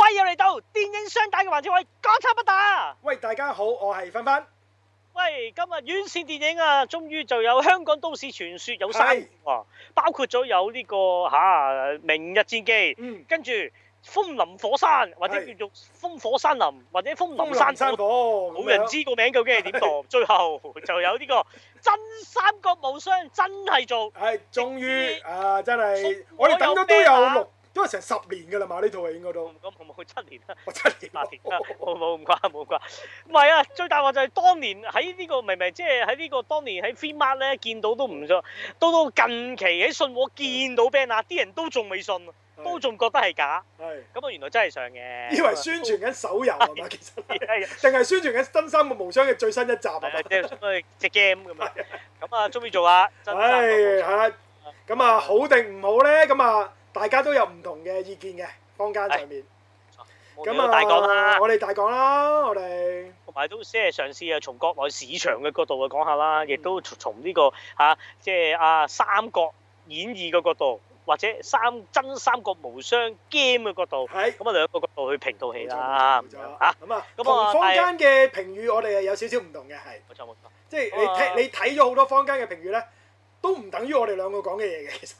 喂，又嚟到電影雙打嘅環節，我係港產不打。喂，大家好，我係芬芬。喂，今日院線電影啊，終於就有《香港都市傳說》有三，包括咗有呢個吓《明日戰記》，跟住《風林火山》或者叫做《風火山林》或者《風林山火》，冇人知個名究竟係點讀。最後就有呢個真三國無雙真係做，係終於啊，真係我哋等咗都有都係成十年噶啦嘛，呢套啊應該都咁冇冇七年啦，七八年啦，冇冇咁啩冇啩，唔係啊！最大話就係當年喺呢、這個明明即係喺呢個當年喺 Filmart 咧見到都唔錯，到到近期喺信和見到 banner 啊，啲人都仲未信，都仲覺得係假。係咁啊，我原來真係上嘅。以為宣傳緊手遊，係嘛、嗯，其實定係宣傳緊《真三》個無雙嘅最新一集。係咪？即係隻 game 咁啊。咁啊，中意做啊！真三無雙啦。咁啊，好定唔好咧？咁、嗯、啊？嗯嗯嗯嗯大家都有唔同嘅意見嘅，坊間上面。咁啊，我哋大講啦，我哋。同埋都先係嘗試啊，從國內市場嘅角度去講下啦，亦、嗯、都從呢、呢個嚇，即係阿三國演義嘅角度，或者三真三國無雙 game 嘅角度。係是。咁啊，兩個角度去評到戲啦。冇錯。咁啊，同坊間嘅評，錯評語，我哋係有少少唔同嘅，係。冇錯冇錯。即係你睇你睇咗好多坊間嘅評語咧，都唔等於我哋兩個講嘅嘢嘅，其實。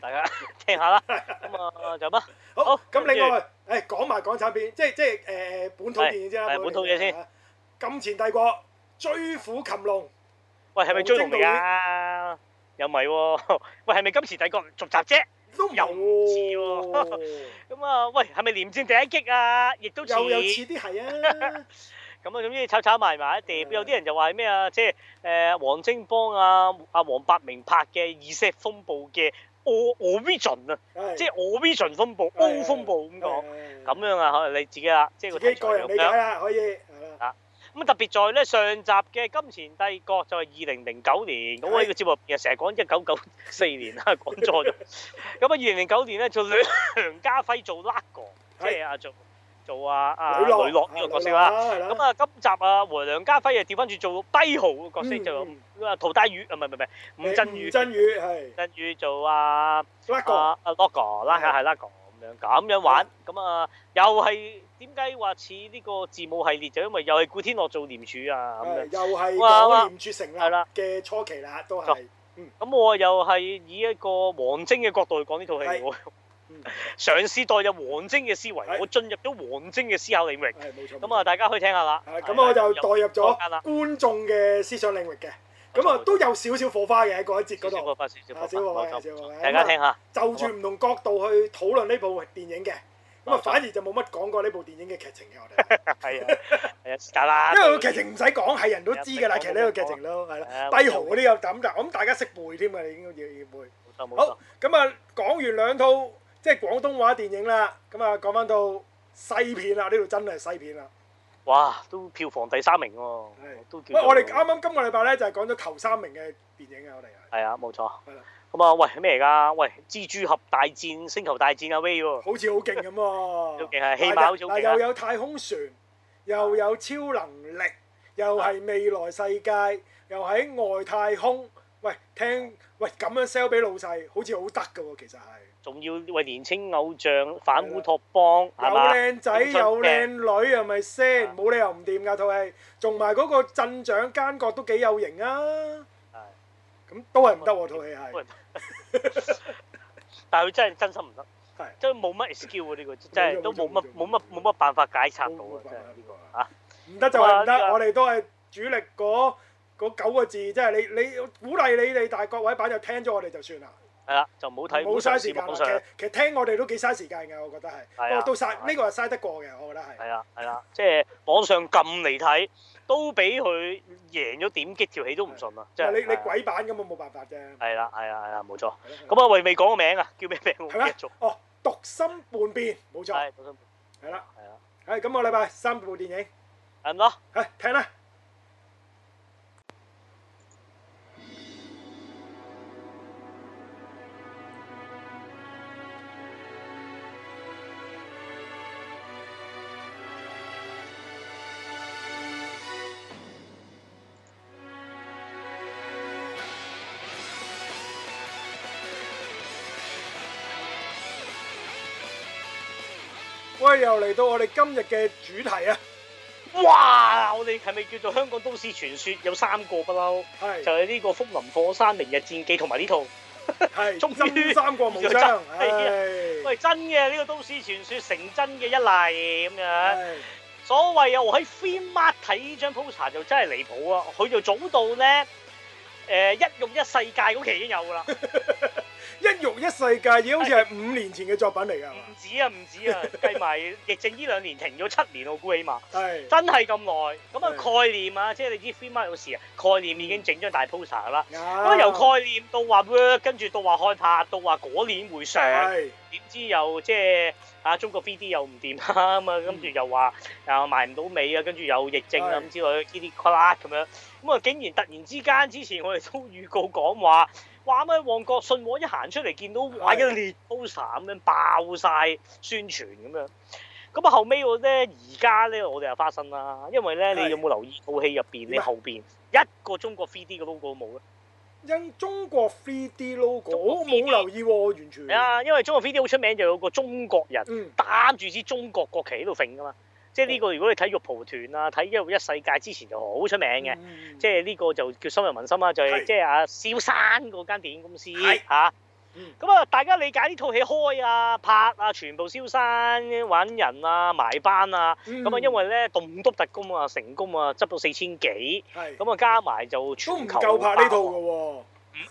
大家聽下啦。咁啊，就咁啦。好，咁另外誒講埋港產片，即係即係誒本土電影先啦。係本土嘢先。《金錢帝國》《追虎擒龍》。喂，係咪《追龍》嚟噶？又唔係喎。喂，係咪《金錢帝國》續集啫？都唔似喎。咁啊，喂，係咪《廉政第一擊》啊？亦都有又似啲係啊。咁啊，總之炒炒埋埋一碟。有啲人就話係咩啊？即係誒黃精邦啊啊黃百鳴拍嘅《意識風暴》嘅。我 vision 是啊，即係我 vision 風暴，O 風暴咁講，咁樣啊，可能你自己啊，即係個題材咁樣可以啊。咁啊特別在咧上集嘅金錢帝國就係二零零九年，咁的我呢個節目成日講一九九四年啦，講錯咗。咁啊二零零九年咧就梁家輝做 lock 哥的即係阿祖。做做啊，啊雷洛呢個角色啦，咁啊今集啊和梁家輝啊，調翻住做跛豪嘅角色，就啊陶大宇啊唔係唔係唔係吳鎮宇，吳鎮宇係，鎮宇做啊阿啊 Logan 係啦咁樣咁樣玩，咁啊又係點解話似呢個字幕系列就因為又係古天樂做廉署啊咁樣，又係哇，廉署成啦，係啦嘅初期啦都係，咁我又係以一個王晶嘅角度去講呢套戲.嘗試代入王晶嘅思維，我進入咗王晶嘅思考領域。咁啊，大家可以聽下啦。咁我就代入咗觀眾嘅思想領域嘅。咁啊，都有少少火花喺嗰一節嗰度。大家聽下。就住唔同角度去討論呢部電影嘅，咁啊反而就冇乜講過呢部電影嘅劇情嘅我哋。係啊，啦。因為個劇情唔使講，係人都知噶啦，其實呢個劇情咯，係啦。帝豪嗰啲有抌噶，我諗大家識背添啊，你應該要要背。好，咁啊，講完兩套。即係廣東話電影啦，咁啊講翻到西片啦，呢度真係西片啦。哇！都票房第三名喎，的都叫。喂，我哋啱啱今個禮拜咧就係講咗頭三名嘅電影啊，我哋。係啊，冇錯。係啦。咁啊，喂咩嚟㗎？喂，《蜘蛛俠大戰星球大戰》阿威好似好勁咁喎。勁係，起碼又有太空船，又有超能力，又係未來世界，的又喺外太空。喂，聽，喂咁樣 sell 俾老細，好似好得㗎喎，其實係。仲要為年青偶像反烏托邦，係嘛？有靚仔有靚女，又咪先，冇理由唔掂㗎套戲。仲埋嗰個鎮長奸角都幾有型啊！係，咁都係唔得喎套戲係。但係佢真係真心唔得，真係冇乜 skill 㗎呢個，真係都冇乜冇乜冇乜辦法解拆到啊！真係吓，唔得就係唔得。我哋都係主力嗰嗰九個字，即係你你鼓勵你哋，但係各位版友聽咗我哋就算啦。係啦，就唔好睇。冇嘥時間嘅，其實聽我哋都幾嘥時間嘅，我覺得係。不過，到嘥呢個又嘥得過嘅，我覺得係。係啦，係啦，即係網上撳嚟睇，都俾佢贏咗點擊條起都唔信啊！即係你你鬼版咁啊，冇辦法啫。係啦，係啦，係啦，冇錯。咁啊，未未講個名啊，叫咩名？繼續哦，讀心叛變，冇錯。係啦，係啦。係咁，個禮拜三部電影，係咁咯。係，聽啦。嚟到我哋今日嘅主題啊！哇，我哋係咪叫做香港都市傳說有三個不嬲？係是就係呢個《福林火山明日戰記》同埋呢套《真是于三國無雙》十。係喂是，真嘅呢、呢個都市傳說成真嘅一例咁樣。是所謂又喺 Filmart 睇張 poster 就真係離譜啊！佢就早到咧。誒一用一世界嗰期已經有噶啦，一用一世界已經好似係五年前嘅作品嚟㗎。唔止啊唔止啊，計埋疫症呢兩年停咗七年我估，起碼，係真係咁耐。咁啊概念啊，即係你知 f e 飛馬有時啊概念已經整張大 poster 啦，咁由概念到話跟住到話開拍，到話嗰年會上，點知又即係啊中國 3D 又唔掂啊嘛，跟住又話又賣唔到尾啊，跟住有疫症啊咁之類呢啲啦咁樣。咁啊！竟然突然之間，之前我哋都預告講話，話咩旺角信和一行出嚟見到的哇，一列 osa 咁樣爆晒宣傳咁樣。咁啊，後尾我咧而家咧，我哋又花生啦，因為咧的你有冇留意套戲入邊？麼你後邊一個中國 3D 嘅 logo 都冇咧。因中國 3D logo 國 D? 我冇留意喎、啊，完全。啊，因為中國 3D 好出名就有嗰個中國人擔住支中國國旗喺度揈㗎嘛。即係呢個，如果你睇《肉蒲團》啊，睇《一一世界》之前就好出名嘅。嗯、即係呢個就叫深入民心啊，就係、是、是即係阿、啊、蕭生嗰間電影公司嚇。咁是啊，嗯、大家理解呢套戲開啊拍啊，全部蕭生搵人啊埋班啊。咁、嗯、啊，因為咧棟篤特工啊成功啊，執到四千幾。咁啊是，加埋就全球唔夠拍呢套㗎喎。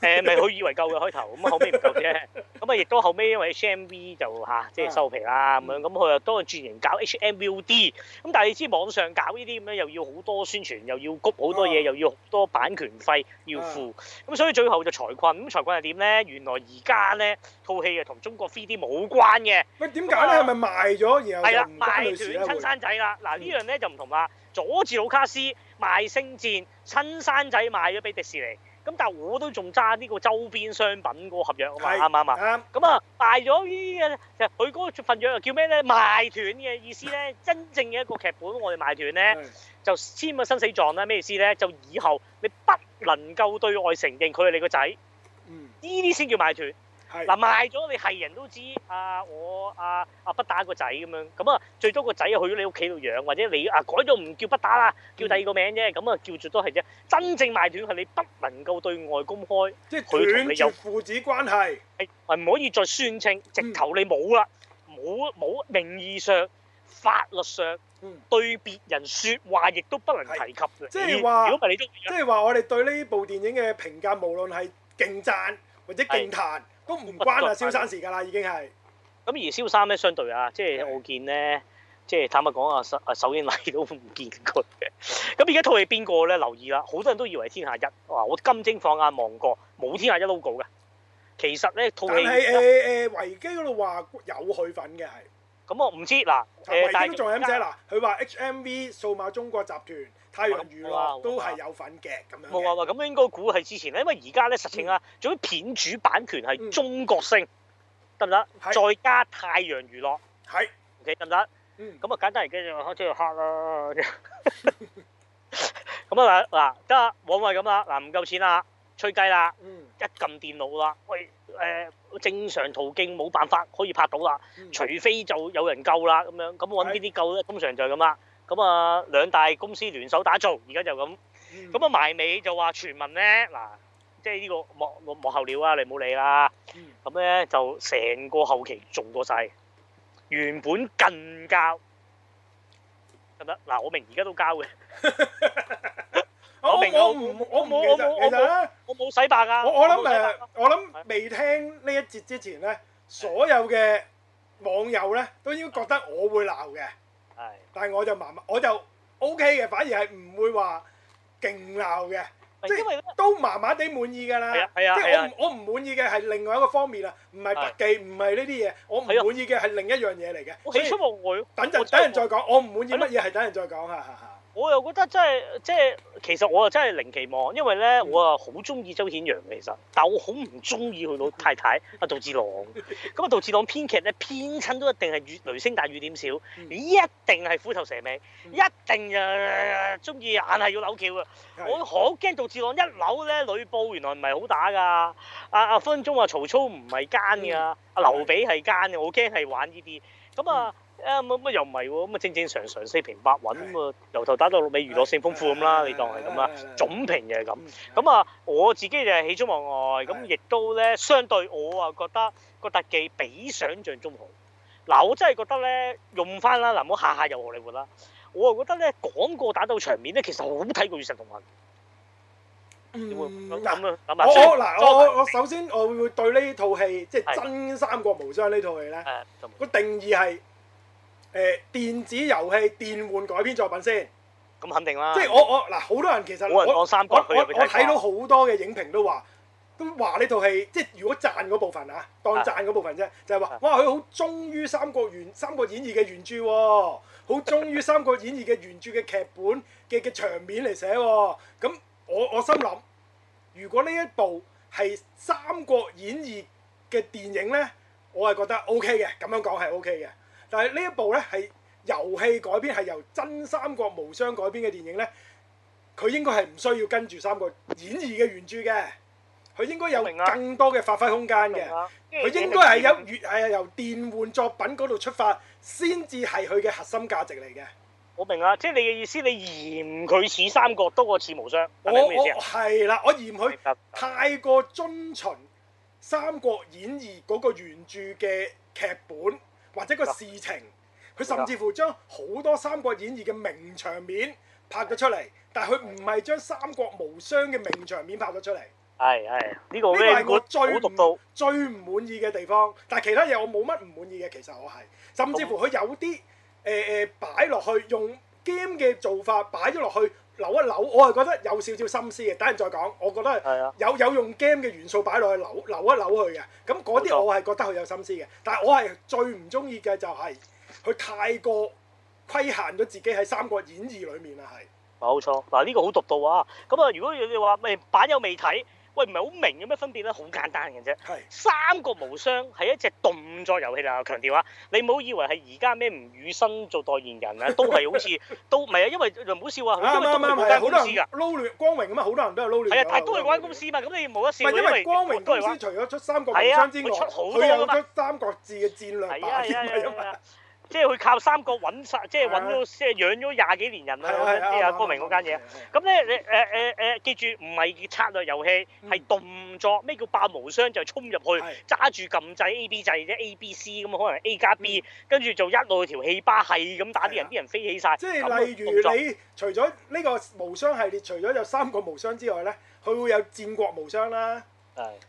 誒咪佢以為夠嘅開頭，咁後尾唔夠啫。咁啊，亦都後尾因為 HMV 就嚇，即、啊、係、就是、收皮啦咁樣。咁佢又多人轉型搞 HMVD。咁但係你知網上搞呢啲咁樣，又要好多宣傳，又要谷好多嘢，啊、又要好多版權費要付。咁、啊啊、所以最後就財困。咁財困係點咧？原來而家咧套戲啊同中國 3D 冇關嘅。喂，點解咧？係咪那賣咗而家唔關聯啦？係啦、啊，賣咗親生仔啦。嗱呢樣咧就唔同啦。佐治魯卡斯賣《星戰》，親生仔賣咗俾迪士尼。咁但係我都仲揸呢個周邊商品嗰個合約啊嘛，啱唔啱啊？啱。咁啊賣咗呢嘅，其實佢嗰個份約又叫咩咧？賣斷嘅意思咧，真正嘅一個劇本我哋賣斷咧，是就簽個生死狀啦。咩意思咧？就以後你不能夠對外承認佢係你個仔。嗯。呢啲先叫賣斷。嗱，賣咗你係人都知，阿我阿阿不打個仔咁樣咁啊，最多個仔去咗你屋企度養，或者你啊改咗唔叫不打啦，叫第二個名啫，咁啊叫做都係啫。真正賣斷係你不能夠對外公開，即係佢同你有父子關係，係唔可以再宣稱，直頭你冇啦，冇冇名義上、法律上對別人説話亦都不能提及嘅。即係話，即係話，我哋對呢部電影嘅評價，無論係勁贊或者勁彈。都唔關啦，蕭生事噶啦，已經係。咁而蕭生咧，相對啊，即係我見咧，即係坦白講啊，啊首映禮都唔見佢嘅。咁而家套戲邊個咧留意啦？好多人都以為天下一，哇！我金睛放眼望過，冇天下一 logo 嘅。其實咧，套戲誒維基嗰度話有佢份嘅係。咁我唔知嗱，維基仲係咁寫嗱，佢話是在 H M V 數碼中國集團。太陽娛樂都係有份嘅咁樣。冇啊冇，咁應該估係之前咧，因為而家咧實情啊，做啲片主版權係中國星，得唔得？再加太陽娛樂，係，OK 得唔得？咁啊簡單嚟嘅，就開始去黑啦。咁啊嗱得啊，往為咁啦，嗱唔夠錢啦，吹雞啦，一撳電腦啦，喂誒正常途徑冇辦法可以拍到啦，除非就有人救啦咁樣，咁揾呢啲救咧？通常就係咁啦。咁啊，兩大公司聯手打造，而家就咁。咁啊，埋尾就話傳聞咧，嗱，即係呢個幕幕後料啊，你唔好理啦。咁咧就成個後期做過曬，原本近交得唔得？嗱，我明而家都交嘅。我我唔我冇我冇我冇我冇洗白啊！我我諗誒，我諗未聽呢一節之前咧，所有嘅網友咧都應該覺得我會鬧嘅。但係我就麻麻，我就 OK 嘅，反而係唔會話勁鬧嘅，因為即係都麻麻地滿意㗎啦。啊啊、即係我唔、啊啊、我唔滿意嘅係另外一個方面啦，唔係特技，唔係呢啲嘢，我唔滿意嘅係另一樣嘢嚟嘅。啊、所以我等就等陣再講，我唔滿意乜嘢係等陣再講。我又覺得真係，即係其實我又真係零期望，因為咧我啊好中意周顯揚嘅其實，但我好唔中意佢老太太阿 杜志朗。咁、嗯、啊杜志朗編劇咧編親都一定係雷聲大雨點小，一定係虎頭蛇尾，一定啊中意，硬係要扭橋啊！我好驚杜志朗一扭咧，呂布原來唔係好打㗎。阿阿分中話曹操唔係奸㗎，阿劉備係奸㗎，我驚係玩呢啲咁啊。嗯 乜又唔係喎，咁啊正正常常四平八穩，咁啊由頭打到尾，娛樂性豐富咁啦，你當係咁啦，總評又咁。咁啊我自己就係喜出望外，咁亦都咧，相對我啊覺得個特技比想像中好。嗱，我真係覺得咧用翻啦，嗱好下下又荷里活啦？我啊覺得咧，講過打鬥場面咧，其實好睇過《與神同行》。嗯，咁啊，嗱，我我我首先我會對呢套戲即係真《三國無雙》呢套戲咧個定義係。誒、呃、電子遊戲電玩改編作品先，咁、嗯、肯定啦。即係我我嗱，好多人其實冇人三我我睇到好多嘅影評都話，都話呢套戲，即係如果讚嗰部分啊，當讚嗰部分啫，就係、是、話，哇，佢好忠於《三國原《三國演義》嘅原著、啊，好忠於《三國演義》嘅原著嘅劇本嘅嘅場面嚟寫、啊。咁我我心諗，如果呢一部係《三國演義》嘅電影呢，我係覺得 O K 嘅，咁樣講係 O K 嘅。但係呢一部咧係遊戲改編，係由《真三國無雙》改編嘅電影咧，佢應該係唔需要跟住《三國演義》嘅原著嘅，佢應該有更多嘅發揮空間嘅。佢應該係有越係由電玩作品嗰度出發，先至係佢嘅核心價值嚟嘅。我明啊，即係你嘅意思，你嫌佢似三國多過似無雙。我我係啦，我嫌佢太過遵循《三國演義》嗰個原著嘅劇本。或者個事情，佢甚至乎將好多《三國演義》嘅名場面拍咗出嚟，但係佢唔係將《三國無雙》嘅名場面拍咗出嚟。係係，呢個呢個係我最唔最唔滿意嘅地方。但係其他嘢我冇乜唔滿意嘅，其實我係。甚至乎佢有啲誒誒擺落去，用 game 嘅做法擺咗落去。扭一扭，我係覺得有少少心思嘅，等陣再講。我覺得有的有，有用 game 嘅元素擺落去扭扭一扭佢嘅，咁嗰啲我係覺得佢有心思嘅。錯但係我係最唔中意嘅就係、是、佢太過規限咗自己喺《三國演義裡》裏面啦，係。冇錯，嗱、這、呢個好獨到啊！咁啊，如果你話咪版友未睇？喂，唔係好明有咩分別咧？好簡單嘅啫，係是三國無雙係一隻動作遊戲嚟啊！強調啊，你唔好以為係而家咩吳宇生做代言人啊，都係好似 都唔係啊，因為唔好笑啊，因為都係公司噶，撈亂光榮咁啊，好多人都係撈亂，係啊，但都係公司嘛，咁你冇得笑，因為光榮公司除咗出《三國無雙》之外，佢有、啊、出多《出三國志嘅戰略版》啊嘛。啊啊啊啊啊啊啊即係佢靠三國揾晒，即係揾到，即係養咗廿幾年人啦。啲阿光明嗰間嘢咁咧，你誒誒誒記住，唔係策略遊戲，係動作。咩叫霸無雙就係衝入去揸住撳掣 A B 掣啫，A B C 咁可能 A 加 B，跟住做一路條氣巴係咁打啲人，啲人飛起晒。即係例如你，除咗呢個無雙系列，除咗有三國無雙之外咧，佢會有戰國無雙啦，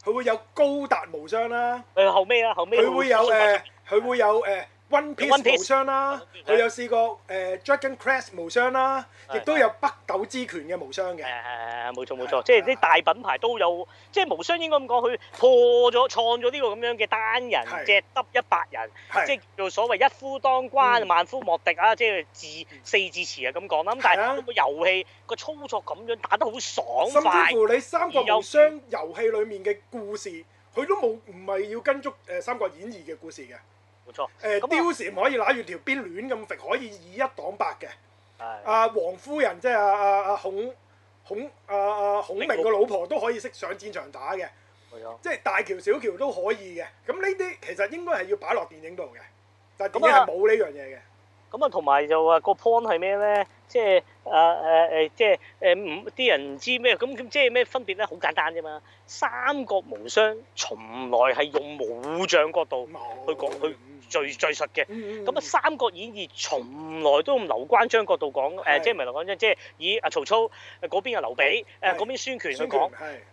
佢會有高達無雙啦，後尾啦，後尾，佢會有誒，佢會有誒。《One Piece》無雙啦，佢有試過誒《Dragon Quest》無雙啦，亦都有北斗之拳嘅無雙嘅。誒冇錯冇錯，即係啲大品牌都有，即係無雙應該咁講，佢破咗創咗呢個咁樣嘅單人隻得一百人，即係叫做所謂一夫當關萬夫莫敵啊，即係字四字詞啊咁講啦。但係個遊戲個操作咁樣打得好爽快，甚至乎你《三國無雙》遊戲裏面嘅故事，佢都冇唔係要跟足誒《三國演義》嘅故事嘅。冇錯，誒貂蟬可以拿住條鞭亂咁揈，可以以一擋百嘅。阿黃的、啊、夫人即係阿阿阿孔孔阿阿、啊、孔明個老婆都可以識上戰場打嘅，錯即係大橋小橋都可以嘅。咁呢啲其實應該係要擺落電影度嘅，但係點解係冇呢樣嘢、啊、嘅？咁啊，同埋就話個 point 係咩咧？即係誒誒誒，即係誒唔啲人唔知咩，咁咁即係咩分別咧？好簡單啫嘛。《三國無雙》從來係用武將角度去講去敘敘述嘅。咁啊，嗯嗯嗯《三國演義》從來都用劉關張角度講。誒是、呃，即係唔係劉關張？即係以阿曹操嗰邊嘅劉備，誒嗰是邊孫權去講。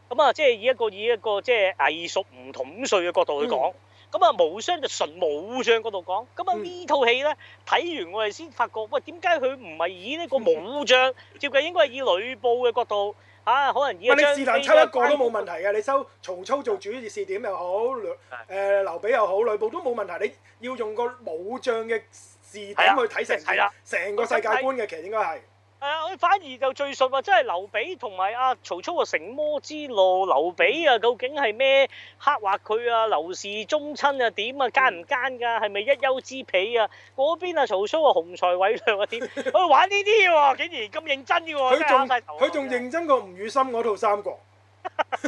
咁啊，即係以一個以一個即係藝術唔同歲嘅角度去講。嗯嗯。咁啊，無雙就純武將嗰度講，咁啊呢套戲咧睇完我哋先發覺，喂，點解佢唔係以呢個武將、嗯、照計應該係以呂布嘅角度嚇、啊，可能以、嗯、張飛 你是但抽一個都冇問題嘅，啊、你收曹操做主視點又好，誒的、呃、劉備又好，呂布都冇問題。你要用個武將嘅視點去睇成件事，係啦，成個世界觀嘅其實應該係。係啊，我反而就最熟，或者係劉備同埋阿曹操啊，成魔之路，劉備啊,啊，究竟係咩刻畫佢啊？劉氏宗親啊，點啊奸唔奸噶？係咪一丘之貉啊？嗰邊啊，曹操啊，雄才偉略啊，點？佢玩呢啲喎，竟然咁認真嘅喎、啊，佢仲佢仲認真過吳宇森嗰套三、 啊《三國》。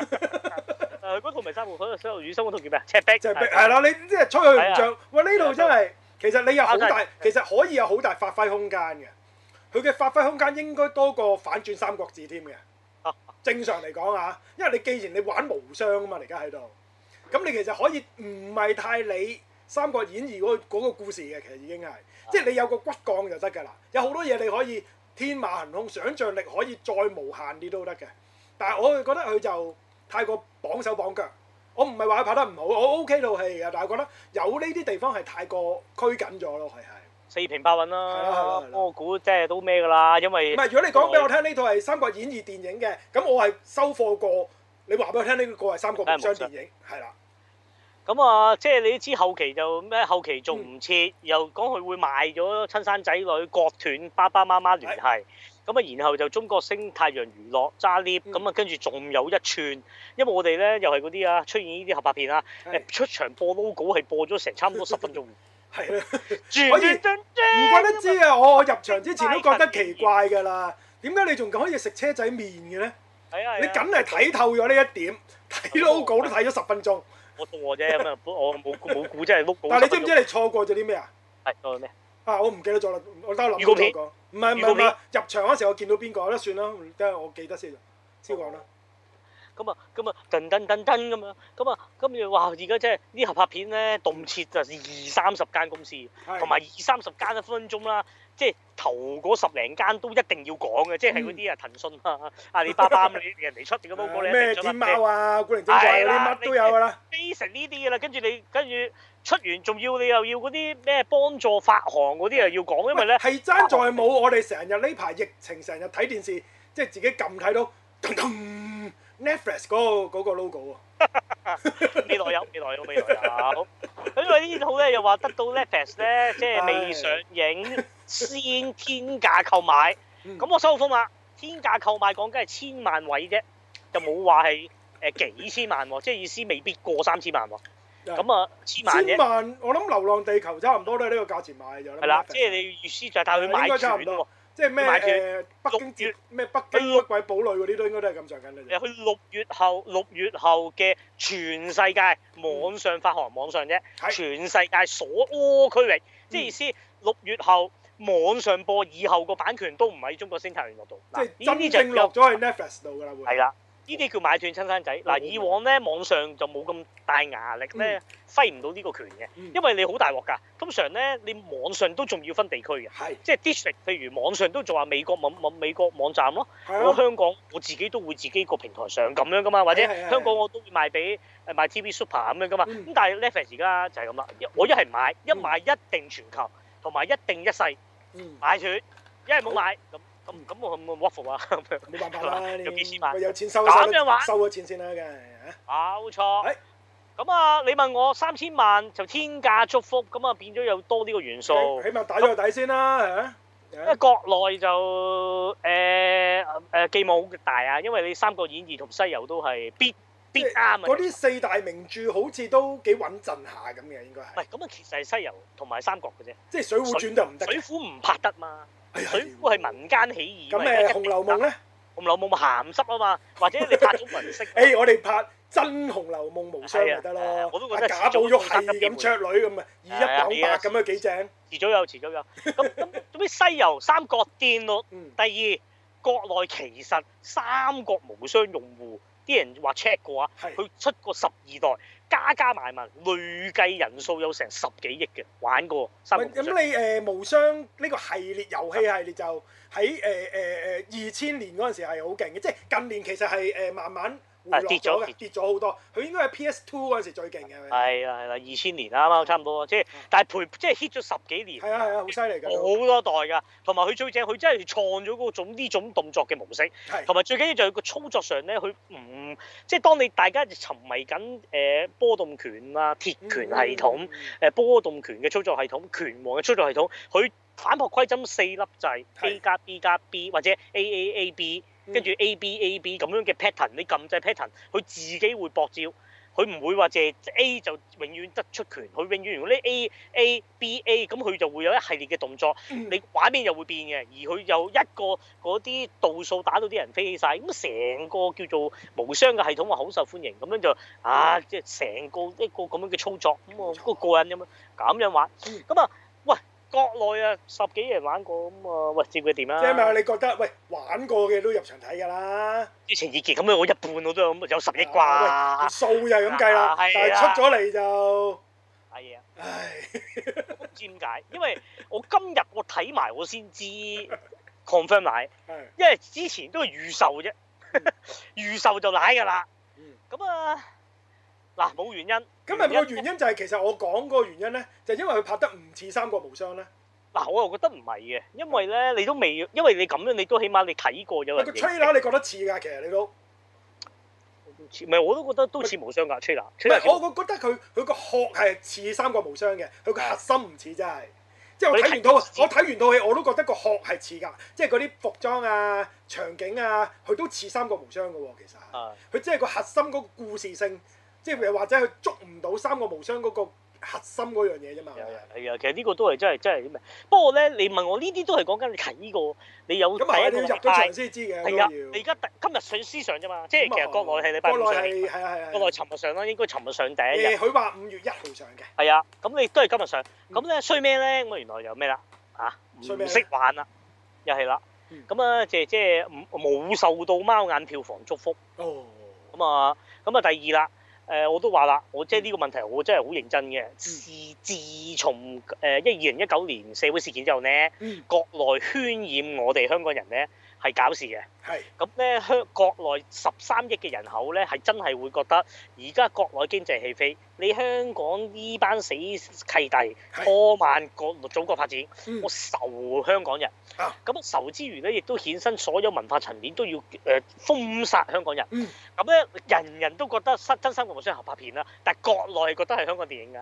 誒，嗰套唔係《三國》，嗰套吳宇森嗰套叫咩啊？赤壁，赤壁係啦，你即係出去唔象。喂，呢套真係，其實你有好大，其實可以有好大發揮空間嘅。佢嘅發揮空間應該多過反轉《三國志》添嘅。正常嚟講啊，因為你既然你玩無雙啊嘛，而家喺度，咁你其實可以唔係太理《三國演義》嗰個故事嘅，其實已經係，即係你有個骨幹就得㗎啦。有好多嘢你可以天馬行空，想像力可以再無限啲都得嘅。但係我覺得佢就太過綁手綁腳。我唔係話佢拍得唔好，我 OK 到戲嘅，但係覺得有呢啲地方係太過拘謹咗咯，係係。四平八穩啦，我估即係都咩噶啦，因為唔係，如果你講俾我聽呢套係《三國演義》電影嘅，咁我係收貨過。你話俾我聽呢個係《三國無雙》電影，係啦。咁啊，即係你知後期就咩？後期仲唔切？又講佢會賣咗親生仔女，割斷爸爸媽媽聯繫。咁啊，然後就中國星太陽娛樂揸 lift，咁啊跟住仲有一串，因為我哋咧又係嗰啲啊出現呢啲合拍片啊，誒出場播 logo 係播咗成差唔多十分鐘。係啦， 可以唔怪得知啊！我我入場之前都覺得奇怪嘅啦，點解你仲可以食車仔麵嘅咧？啊、你梗係睇透咗呢一點，睇 logo 都睇咗十分鐘。我肚餓啫，咁我冇冇估真係 logo。但係你知唔知你錯過咗啲咩啊？係啊咩？啊！我唔記得咗啦，我得我諗。唔講，唔係唔係入場嗰時我見到邊個？得算啦，等下我記得先，先講啦。咁啊，咁啊，噔噔噔噔咁樣，咁啊，咁你哇，而家即係呢合拍片咧，動輒就二三十間公司，同埋二三十間一分鐘啦，即係頭嗰十零間都一定要講嘅，即係嗰啲啊，騰訊啊，阿里巴巴人哋出嚟嘅芒果咧，咩天貓啊，古靈精怪，係啦，乜都有噶啦，basic 呢啲噶啦，跟住你跟住出完仲要你又要嗰啲咩幫助發行嗰啲又要講，因為咧係爭在冇我哋成日呢排疫情成日睇電視，即係自己撳睇到噔噔。Netflix 嗰個 logo 啊， 未來有未來有未來有，咁咪呢套咧又話得到 Netflix 咧，即係未上映唉先天價購買，咁、嗯、我收復風嘛？天價購買講緊係千萬位啫，就冇話係誒幾千萬喎、啊，即係意思未必過三千萬喎。咁啊， 千萬嘅？千萬，我諗《流浪地球差》差流浪地球》差唔多都係呢個價錢買就買咗。係啦了，Netflix 即係你意思就係帶佢買斷喎。 即係咩？誒，北京咩？月北京六北鬼堡壘嗰啲都應該都係咁上緊啦。誒，佢六月後，六月後嘅全世界網上、嗯、發行，網上啫，全世界鎖窩區域。即係、嗯、意思，六月後網上播，以後個版權都唔喺中國星集團度，嗱，呢真正落咗喺 Netflix 度㗎啦，會。係啦。呢啲叫買斷親生仔。嗱，以往咧網上就冇咁大壓力咧，嗯、揮唔到呢個權嘅，嗯、因為你好大鑊㗎。通常咧你網上都仲要分地區嘅，是即係 district 譬如網上都仲話美國網網美國網站咯，我的香港我自己都會自己個平台上咁樣㗎嘛，或者香港我都會賣俾賣 TV Super 咁樣㗎嘛。咁、嗯、但係 Netflix 而家就係咁啦，我一係買，一買一定全球，同埋一定一世買斷，一係冇買咁。咁咁我冇乜福啊，冇辦法啦，有幾千萬，有錢收，收咗錢先啦梗係，冇錯。咁啊，你問我三千萬就天價祝福，咁啊變咗有多呢個元素，起碼打咗個底先啦，係因為國內就誒誒寄望好大啊，因為你《三國演義》同《西遊》都係必必啱。啊！嗰啲四大名著好似都幾穩陣下咁嘅，應該係。唔係，咁啊，其實係《西遊》同埋《三國》嘅啫。即係《水滸傳》就唔得，《水滸》唔拍得嘛。佢應該係民間起義。咁誒《紅樓夢》咧，《紅樓夢》冇鹹濕啊嘛，或者你拍咗文色。誒、 哎，我哋拍真《紅樓夢》無雙就得啦、啊。我都覺得假保育係咁雀女咁啊，二一九八咁啊幾正。遲早時 有，遲早有。咁咁做咩《西遊》《三國》電咯？第二國內其實《三國無雙用戶》用戶，啲人話 check 過話，佢出過十二代。加加埋埋，累計人數有成十幾億嘅玩過，咁你誒、呃、無雙呢個系列遊戲系列就喺誒誒誒二千年嗰陣時係好勁嘅。即係近年其實係誒、呃、慢慢。啊！跌咗跌咗好多，佢應該喺 PS Two 嗰陣時最勁嘅係咪？係啊係啦，二千年啦嘛，差唔多、嗯、即係，但係陪即係 hit 咗十幾年。係啊係啊，好犀利㗎，好多代㗎，同埋佢最正，佢真係創咗嗰種呢種動作嘅模式，同埋係啊最緊要就係個操作上咧，佢唔即係當你大家沉迷緊誒、呃、波動拳啊、鐵拳系統誒、嗯、波動拳嘅操作系統、拳王嘅操作系統，佢反璞歸真四粒掣 A 加 B 加 B 或者 A A A B。跟住 A B A B 咁樣嘅 pattern，你撳掣 pattern，佢自己會駁招，佢唔會話淨係 A 就永遠得出拳，佢永遠如果你 A A B A 咁佢就會有一系列嘅動作，你畫面又會變嘅，而佢又一個嗰啲度數打到啲人飛起晒，咁成個叫做無雙嘅系統話好受歡迎，咁樣就啊即係成個一個咁樣嘅操作，咁我個個人咁樣咁樣玩，咁啊。國內啊，十幾人玩過咁啊、嗯，喂，接佢點啊？即係咪你覺得喂玩過嘅都入場睇㗎啦。熱情熱極咁啊！我一半我都有，有十億啩、啊。數就係咁計啦，但係出咗嚟就係啊。啊啊啊唉，唔知點解， 因為我今日我睇埋我先知 confirm 奶，啊、因為之前都係預售啫， 預售就奶㗎啦。咁、嗯、啊。嗱，冇、啊、原因。咁啊，個原因就係其實我講個原因咧，就係、因為佢拍得唔似《三國無雙》咧。嗱，我又覺得唔係嘅。因為咧，你都未，因為你咁樣，你都起碼你睇過咗。個 trailer 你覺得似㗎？其實你都唔係像我都覺得都似無雙㗎<但 >trailer 唔係，我但我覺得佢佢個殼係似《三國無雙》嘅，佢個核心唔似真係。即係我睇完套，我睇完套戲我都覺得個殼係似㗎，即係嗰啲服裝啊、場景啊，佢都似《三國無雙》㗎喎。其實，佢只係個核心嗰個故事性。即係又或者佢捉唔到三國無雙嗰個核心嗰樣嘢啫嘛，係啊，係啊，其實呢個都係真係真係不過咧，你問我呢啲都係講緊你睇過，你有睇過先知嘅，係啊。你而家今日上思想啫嘛，即係其實國內係你唔上，國內係係係係，尋日上啦，應該尋日上第一日。佢話五月一號上嘅，係啊，咁你都係今日上，咁咧衰咩咧？咁啊，原來有咩啦？啊，唔識玩啦，又係啦。咁啊，即係即係冇受到貓眼票房祝福。哦。咁啊，咁啊，第二啦。誒、呃、我都話啦，我即係呢個問題，我真係好認真嘅。自自從誒一二零一九年社會事件之後呢，國內渲染我哋香港人呢係搞事嘅，係咁是呢，香國內十三億嘅人口呢，係真係會覺得而家國內經濟起飛。你香港呢班死契弟拖慢國祖國發展，嗯、我仇香港人。咁、啊、仇之餘咧，亦都衍生所有文化層面都要誒、呃、封殺香港人。咁咧、嗯，人人都覺得《真真三國無雙》合拍片啦，但係國內係覺得係香港電影嘅。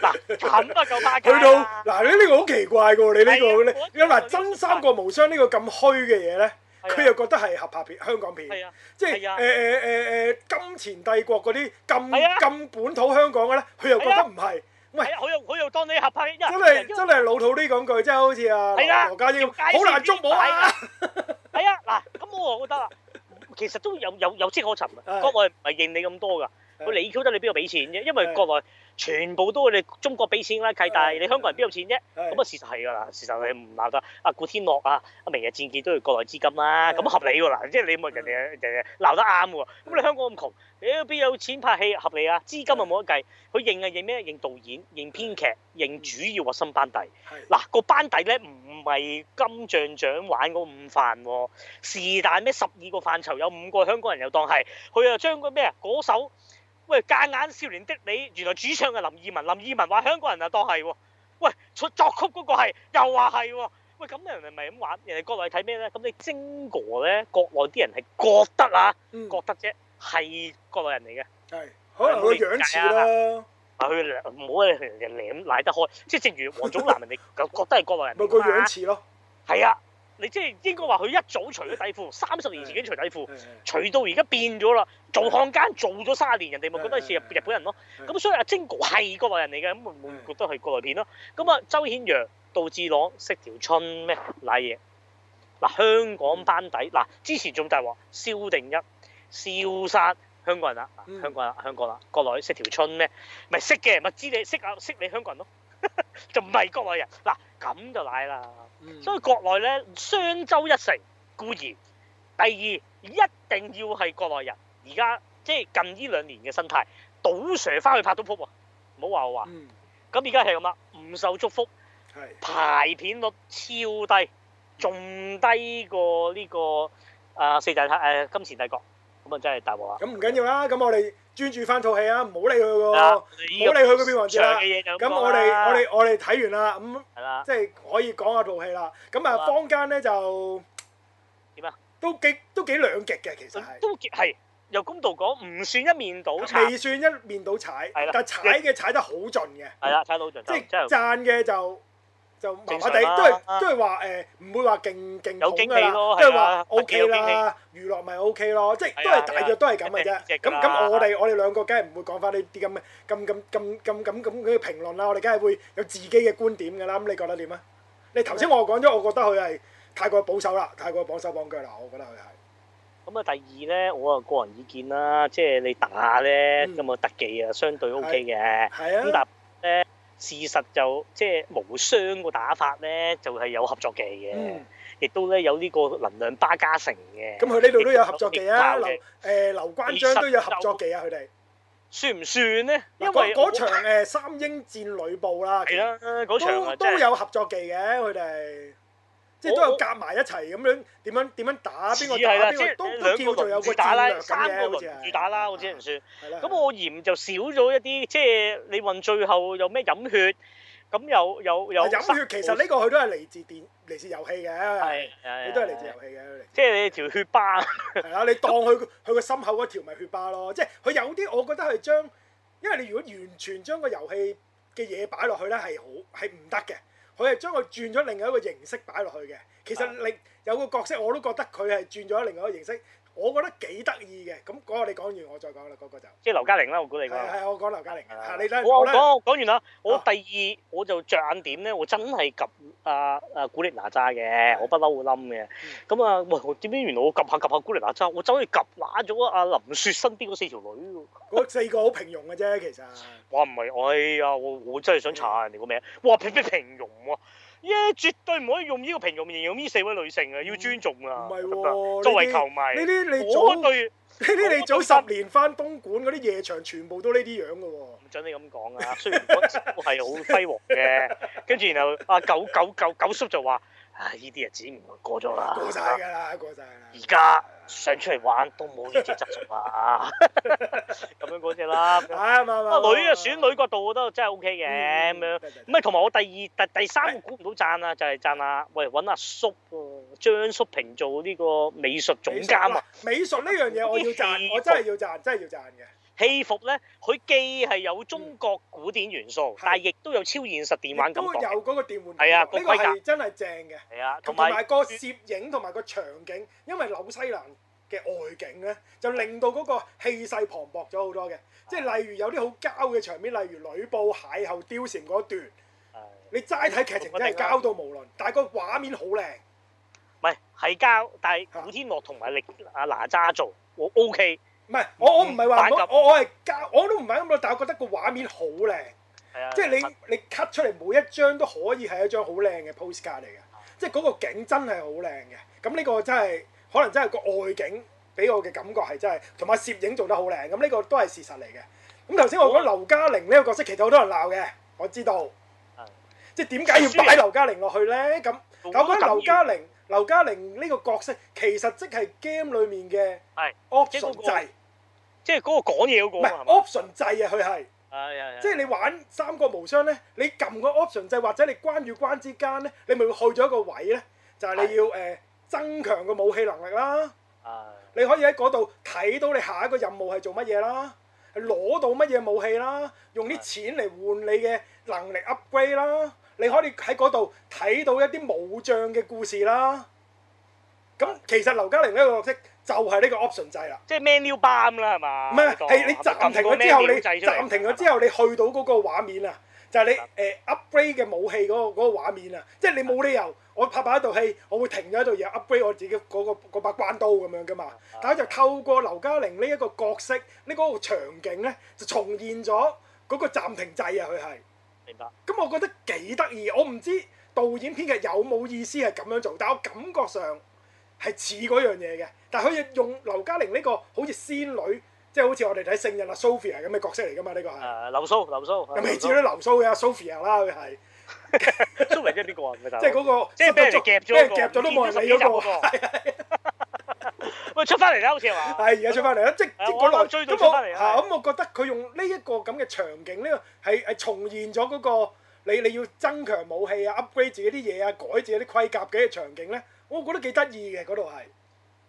嗱， 去到嗱，你呢個好奇怪嘅喎，你呢、呢個咧，因、那個、真三國無雙呢個這呢》呢個咁虛嘅嘢咧，佢又覺得係合拍片，香港片，啊、即係誒誒誒誒金錢帝國嗰啲咁咁本土香港嘅咧，佢又覺得唔係。喂，佢、啊、又佢又當你合拍是。真係真係老土啲講句，即係好似啊，何、啊、家英好何難捉摸啦。係啊，嗱、啊，咁、啊、我覺得其實都有有跡可尋嘅，國外唔係認你咁多㗎。佢你 Q 得你邊度俾錢啫？因為國內全部都係你中國俾錢啦，契弟你香港人邊有錢啫？咁啊 事實係㗎啦，事實你唔鬧得啊古天樂啊啊明日戰記都要國內資金啦，咁 合理㗎啦，即係你冇人哋人鬧得啱喎。咁你香港咁窮，你邊有錢拍戲合理啊？資金啊冇得計，佢認啊認咩？認導演、認編劇、認主要核心班底。嗱個、 啊、班底咧唔係金像獎玩過午飯喎，是但咩？十二個範疇有五個香港人又當係，佢又將個咩啊嗰首。喂，夾硬少年的你，原來主唱嘅林二汶。林二汶話香港人啊，當係喎。喂，作作曲嗰個係又話係喎。喂，咁人哋咪咁話，人哋國內睇咩咧？咁你精哥咧，國內啲人係覺得啊，嗯、覺得啫，係國內人嚟嘅。係可能個樣似、啊、啦。啊，佢冇啊，人哋舐舐得開，即係正如王祖藍，人哋覺得係國內人。咪 個樣似咯。係啊。你即係應該話佢一早除咗底褲，三十年前已經除底褲，除到而家變咗啦，做漢奸做咗卅年人哋咪覺得似日日本人咯？咁所以阿貞哥係國內人嚟嘅，咁咪會覺得係國內片咯。咁啊，周顯揚、杜志朗，識條春咩賴嘢？嗱、啊，香港班底嗱、啊，之前仲大話蕭定一笑殺香港人啦、啊，香港啦，香港啦，國內識條春咩？咪、啊、係識嘅咪知你識啊，識你香港人咯， 人啊、就唔係國內人嗱，咁就賴啦。嗯、所以國內呢雙周一成固然，第二一定要係國內人，而家即係近呢兩年嘅生態，倒蛇翻去拍到撲啊，唔好話我話。咁而家係咁啦，唔受祝福，係排片率超低，仲低過呢、呢個啊、呃、四大太、呃、金錢帝國，咁啊真係大鑊啦。咁唔緊要啦，咁我哋。專注翻套戲啊！唔好理佢個，唔好理佢嗰邊環節啦。咁我哋我哋我哋睇完啦，咁即係可以講下套戲啦。咁啊，坊間咧就點啊？都幾都幾兩極嘅，其實係。都極係由公道講，唔算一面倒踩。未算一面倒踩，但踩嘅踩得好盡嘅。係啦，踩得好盡。即係讚嘅就。就麻麻地，都係都係話誒，唔會話勁勁捧噶啦，即係話 O K 啦，娛樂咪 O K 咯，即係都係大約都係咁嘅啫。咁咁我哋我哋兩個梗係唔會講翻呢啲咁嘅咁咁咁咁咁咁嘅評論啦，我哋梗係會有自己嘅觀點㗎啦。咁你覺得點啊？你頭先我講咗，我覺得佢係太過保守啦，太過綁手綁腳啦，我覺得佢係。咁啊，第二咧，我啊個人意見啦，即係你打咧咁啊特技啊，相對 O K 嘅。係啊。事實就即係無雙個打法咧，就係、是、有合作技嘅，亦、嗯、都咧有呢個能量巴加成嘅。咁佢呢度都有合作技啊，劉誒劉關張都有合作技啊，佢哋算唔算呢？因為嗰場誒三英戰呂布啦，其實嗰場都有合作技嘅佢哋。即係都有夾埋一齊咁樣點樣點樣打？邊個打邊個？都都叫做有互打啦，三個輪打啦，我只能算。咁我嫌就少咗一啲，即係你問最後有咩飲血？咁有有有飲血，其實呢個佢都係嚟自電嚟自遊戲嘅，係，佢都係嚟自遊戲嘅。即係你條血疤。係啦，你當佢佢個心口嗰條咪血疤咯。即係佢有啲我覺得係將，因為你如果完全將個遊戲嘅嘢擺落去咧係好係唔得嘅。佢係將佢轉咗另外一個形式擺落去嘅，其實另有個角色我都覺得佢係轉咗另外一個形式。我覺得幾得意嘅，咁嗰個你講完我再講啦，嗰、嗰個就即係劉嘉玲啦，我估你講。係、 啊、我講劉嘉玲嘅。嚇哇，嗯、你睇我、啊、我講完啦，我第二我就着眼點咧，我真係 𥄫 阿阿古力娜扎嘅，我不嬲會冧嘅。咁啊、嗯，喂、嗯，點知原來我 𥄫 下 𥄫 下古力娜扎，我真係 𥄫 攬咗阿林雪身邊嗰四條女。嗰四個好平庸嘅啫，其實。哇，唔係，哎呀，我我真係想查人哋個名。哇，平偏平庸喎、啊。耶！Yeah, 絕對唔可以用呢個平庸形容呢四位女性啊，要尊重啊！唔係、嗯哦、作為球迷，呢啲你，你，你早呢啲你早十年翻東莞嗰啲夜場全部都呢啲樣噶喎、哦。唔准你咁講啊，雖然我係好輝煌嘅，跟住 然後阿九九九九叔就話：啊呢啲日子唔會過咗啦，過曬㗎啦，過曬啦。而家。想出嚟玩都冇呢啲執著啊！咁樣嗰隻啦，啊女啊選女角度，我覺得真係 O K 嘅咁樣。唔係，同埋我第二、第第三，我估唔到讚啊，就係讚阿喂揾阿叔張叔平做呢個美術總監啊！美術呢樣嘢我要讚，我真係要讚，真係要讚嘅。戲服呢，佢既係有中國古典元素，嗯、但係亦都有超現實電玩感覺，有嗰個電玩，係啊，個規格真係正嘅，係啊，同埋個攝影同埋個場景，嗯、因為紐西蘭嘅外景呢，就令到嗰個氣勢磅礴咗好多嘅，即、就、係、是、例如有啲好膠嘅場面，例如呂布邂逅貂蟬嗰段，你齋睇劇情真係膠到無倫，啊、但係個畫面好靚，唔係係膠，但係古天樂同埋古力娜扎做，我 OK。唔係我我唔係話我我我係教我都唔玩咁耐，但我覺得個畫面好靚，即係你你 cut 出嚟每一張都可以係一張好靚嘅 postcard 嚟嘅，即係嗰個景真係好靚嘅。咁呢個真係可能真係個外景俾我嘅感覺係真係，同埋攝影做得好靚。咁呢個都係事實嚟嘅。咁頭先我講劉嘉玲呢個角色其實好多人鬧嘅，我知道，即係點解要擺劉嘉玲落去呢？咁咁我覺得劉嘉玲劉嘉玲呢個角色其實即係 game 裡面嘅惡俗即係嗰個講嘢嗰個，唔係是吧 option 掣啊！佢係，uh, yeah, yeah. 即係你玩三國無雙呢，你撳個 option 掣或者你關與關之間呢，你咪去咗一個位呢，就係、是、你要誒的、呃、增強個武器能力啦。Uh, yeah. 你可以喺嗰度睇到你下一個任務係做乜嘢啦，攞到乜嘢武器啦，用啲錢嚟換你嘅能力 upgrade 啦。Uh, yeah. 你可以喺嗰度睇到一啲武將嘅故事啦。咁其實劉嘉玲呢個角色。就係呢個 option 掣啦，即係 menu bar 啦，係嘛是？唔係、這個，係你暫停咗之後，你暫停咗之後，你去到嗰個畫面啊，吧就係你誒吧、呃、upgrade 嘅武器嗰、那個嗰、那個、畫面啊，即係你冇理由，我拍埋一套戲，我會停咗喺度而 upgrade 我自己嗰、那個、把關刀咁樣㗎嘛。吧但家就透過劉嘉玲呢一個角色，呢、這、嗰個場景咧，就重現咗嗰個暫停掣啊，佢係。明白。咁、嗯、我覺得幾得意，我唔知導演編劇有冇意思係咁樣做，但我感覺上。係似嗰樣嘢嘅，但佢用劉嘉玲呢個好似仙女，即係好似我哋睇聖人啊，Sophia 咁嘅角色嚟㗎嘛？呢個係。誒，劉蘇，劉蘇，又未至於劉蘇嘅 Sophia 啦，佢係。Sophia 即係邊個啊？唔係即係嗰個，即係俾人夾咗嗰個。夾咗都冇人理嗰個。喂，出翻嚟啦，好似話。係而家出翻嚟啦，即即嗰個，咁我嚇咁，我覺得佢用呢一個咁嘅場景，呢個係係重現咗嗰個你你要增強武器啊，upgrade 自己啲嘢啊，改自己啲盔甲嘅場景咧。我覺得幾得意嘅嗰度係。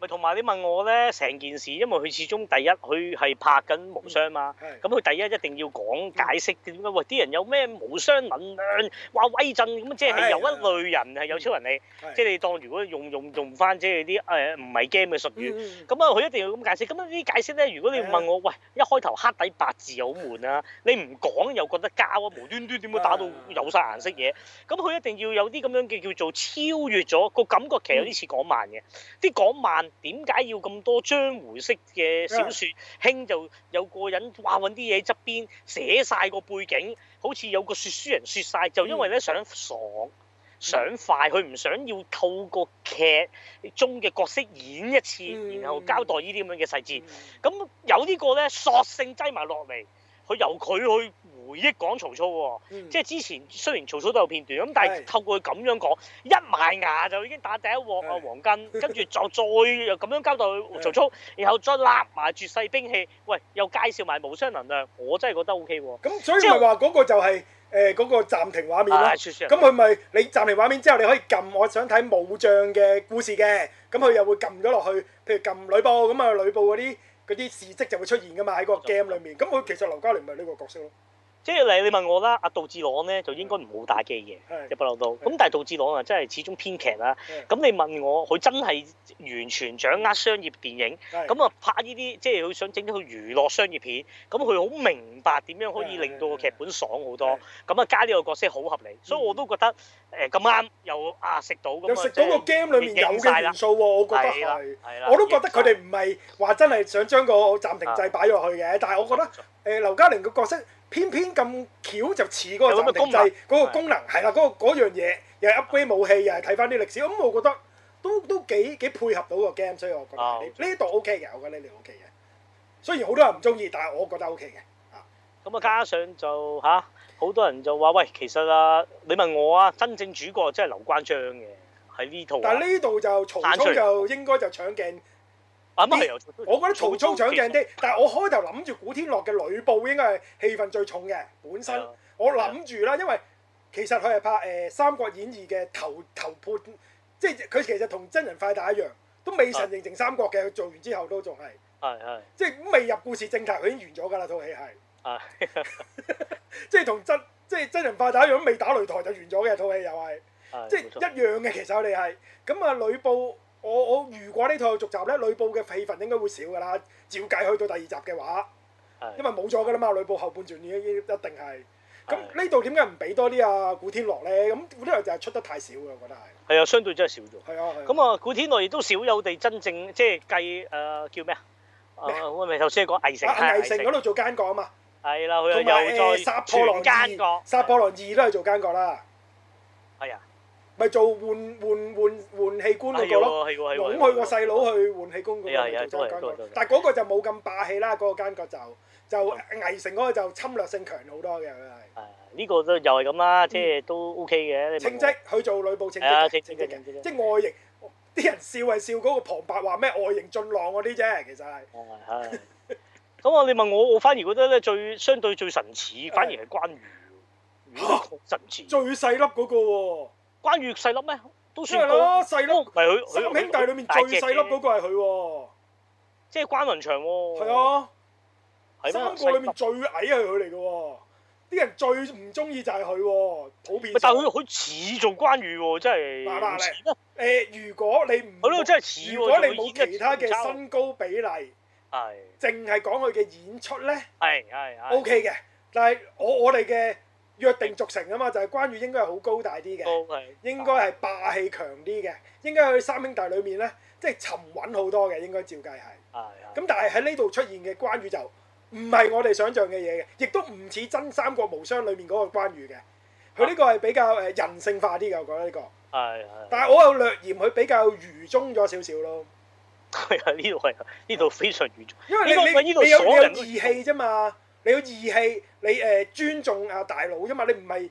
同埋你問我咧，成件事，因為佢始終第一，佢係拍緊無雙嘛，咁佢第一一定要講解釋點解，喂啲人有咩無雙能量，話威震咁，即係有一類人係有超人力，即係你當如果用用用返即係啲誒唔係 game 嘅術語，咁啊佢一定要咁解釋。咁呢啲解釋咧，如果你問我，喂，一開頭黑底白字又好悶啊，你唔講又覺得膠啊，無端端點解打到有曬顏色嘢？咁佢一定要有啲咁樣嘅叫做超越咗個感覺，其實有啲似講慢嘅，啲講慢。點解要咁多江湖式嘅小説興 Yeah. 就有個人話搵啲嘢側邊寫晒個背景，好似有個説書人説晒。就因為咧想爽、想快，佢唔、mm. 想要透過劇中嘅角色演一次，然後交代、mm. 呢啲咁樣嘅細節。咁有呢個咧索性擠埋落嚟，佢由佢去。回憶講曹操喎、哦，嗯、即係之前雖然曹操都有片段咁，但係透過佢咁樣講，是一埋牙就已經打第一鑊啊黃巾是跟住就再， 再又咁樣交代曹操，是然後再揦埋絕世兵器，喂又介紹埋無雙能量，我真係覺得 O K 喎。咁、嗯、所以咪話嗰個就係誒嗰個暫停畫面咯。咁佢咪你暫停畫面之後，你可以撳我想睇武將嘅故事嘅，咁佢又會撳咗落去，譬如撳呂布咁啊，呂布嗰啲啲事蹟就會出現噶嘛喺個 game 裏面。咁佢其實劉嘉玲咪呢個角色咯。即係你你問我啦，阿杜志朗咧就應該唔好打機嘅，一不溜到，咁但係杜志朗啊，真係始終編劇啦。咁你問我，佢真係完全掌握商業電影。咁啊拍呢啲即係佢想整一套娛樂商業片。咁佢好明白點樣可以令到個劇本爽好多。咁啊加呢個角色好合理，所以我都覺得誒咁啱又啊食到咁食到個 game 裏面有曬啦。係啦，我都覺得佢哋唔係話真係想將個暫停掣擺落去嘅，但係我覺得誒劉嘉玲個角色。偏偏咁巧就似嗰個暫停制，嗰個功能係啦，嗰對的、嗰個樣嘢又 upgrade 武器，又係睇翻啲歷史，咁我覺得都都幾幾配合到個 game，所以我覺得呢度、哦、你 OK 嘅，我覺得呢你 OK 嘅。雖然好多人唔中意，但係我覺得 OK 嘅。啊、嗯，咁啊，加上就吓，好多人就話喂，其實啊，你問我啊，真正主角即係劉關張嘅喺呢套、啊。但係呢度就曹操就應該就搶鏡。欸、我諗覺得曹操搶，搶鏡啲，但係我開頭諗住古天樂嘅呂布應該係戲份最重嘅。本身我諗住啦，因為其實佢係拍《誒三國演義》嘅頭頭盤，即係佢其實同真人快打一樣，都未曾完成三國嘅。佢做完之後都仲係，係係，即係未入故事正題，佢已經完咗㗎啦。套戲係 即係同真即係真人快打一樣，未打擂台就完咗嘅套戲又係，即係一樣嘅其實我哋係。咁啊，呂布。我我如果一套一呢套續集咧，呂布嘅戲份應該會少噶啦。照計去到第二集嘅話，是的 因為冇咗噶啦嘛，呂布後半段已經一定係。咁呢度點解唔俾多啲阿古天樂咧？咁、嗯、古天樂就係出得太少啦，我覺得係。係啊，相對真係少咗。係啊係。咁啊，古天樂亦都少有地真正即係計誒、呃、叫咩麼啊？我咪頭先講危城係，啊。危城嗰度做奸角啊嘛。係啦，佢、啊、有又又再殺破狼二，殺破狼二都係做奸角啦。咪做換換換換器官嗰個咯，捧佢個細佬去換器官嗰個，就就講講。但係嗰個就冇咁霸氣啦，嗰個奸角就就魏成嗰個就侵略性強好多嘅。係呢個都又係咁啦，即係都 OK 嘅。稱職去做呂布稱職，稱職嘅，即係外形啲人笑係笑嗰個旁白話咩外形俊朗嗰啲啫，其實係。咁我，你問我，我反而覺得咧最相對最神似，反而係關羽。嚇！神似最細粒嗰個喎。關羽細粒咩？都算係啦，細粒。唔係佢，三兄弟裏面最細粒嗰個係佢喎。即係關雲長喎。係啊，三個裏面最矮係佢嚟嘅。啲人最唔中意就係佢，普遍。但係佢佢似做關羽喎，真係。嗱，誒，如果你唔冇，如果你冇其他嘅身高比例，係，淨係講佢嘅演出咧，係係，OK 嘅。但係我我哋嘅。約定俗成啊嘛，就係、是、關羽應該係好高大啲嘅是，應該係霸氣強啲嘅，應該佢三兄弟裏面咧，即係沉穩好多嘅，應該照計係。係。咁但係喺呢度出現嘅關羽就唔係我哋想像嘅嘢嘅，亦都唔似《真三國無雙》裏面嗰個關羽嘅，佢呢個係比較誒人性化啲嘅，嗯啊嗯、 我覺得呢個。係係。但係我又略嫌佢比較愚忠咗少少咯。係啊、嗯，呢度係呢度非常愚忠。因為你、啊、你你有你有義氣啫嘛。你有義氣，你誒、呃、尊重阿大佬噶嘛？你唔係誒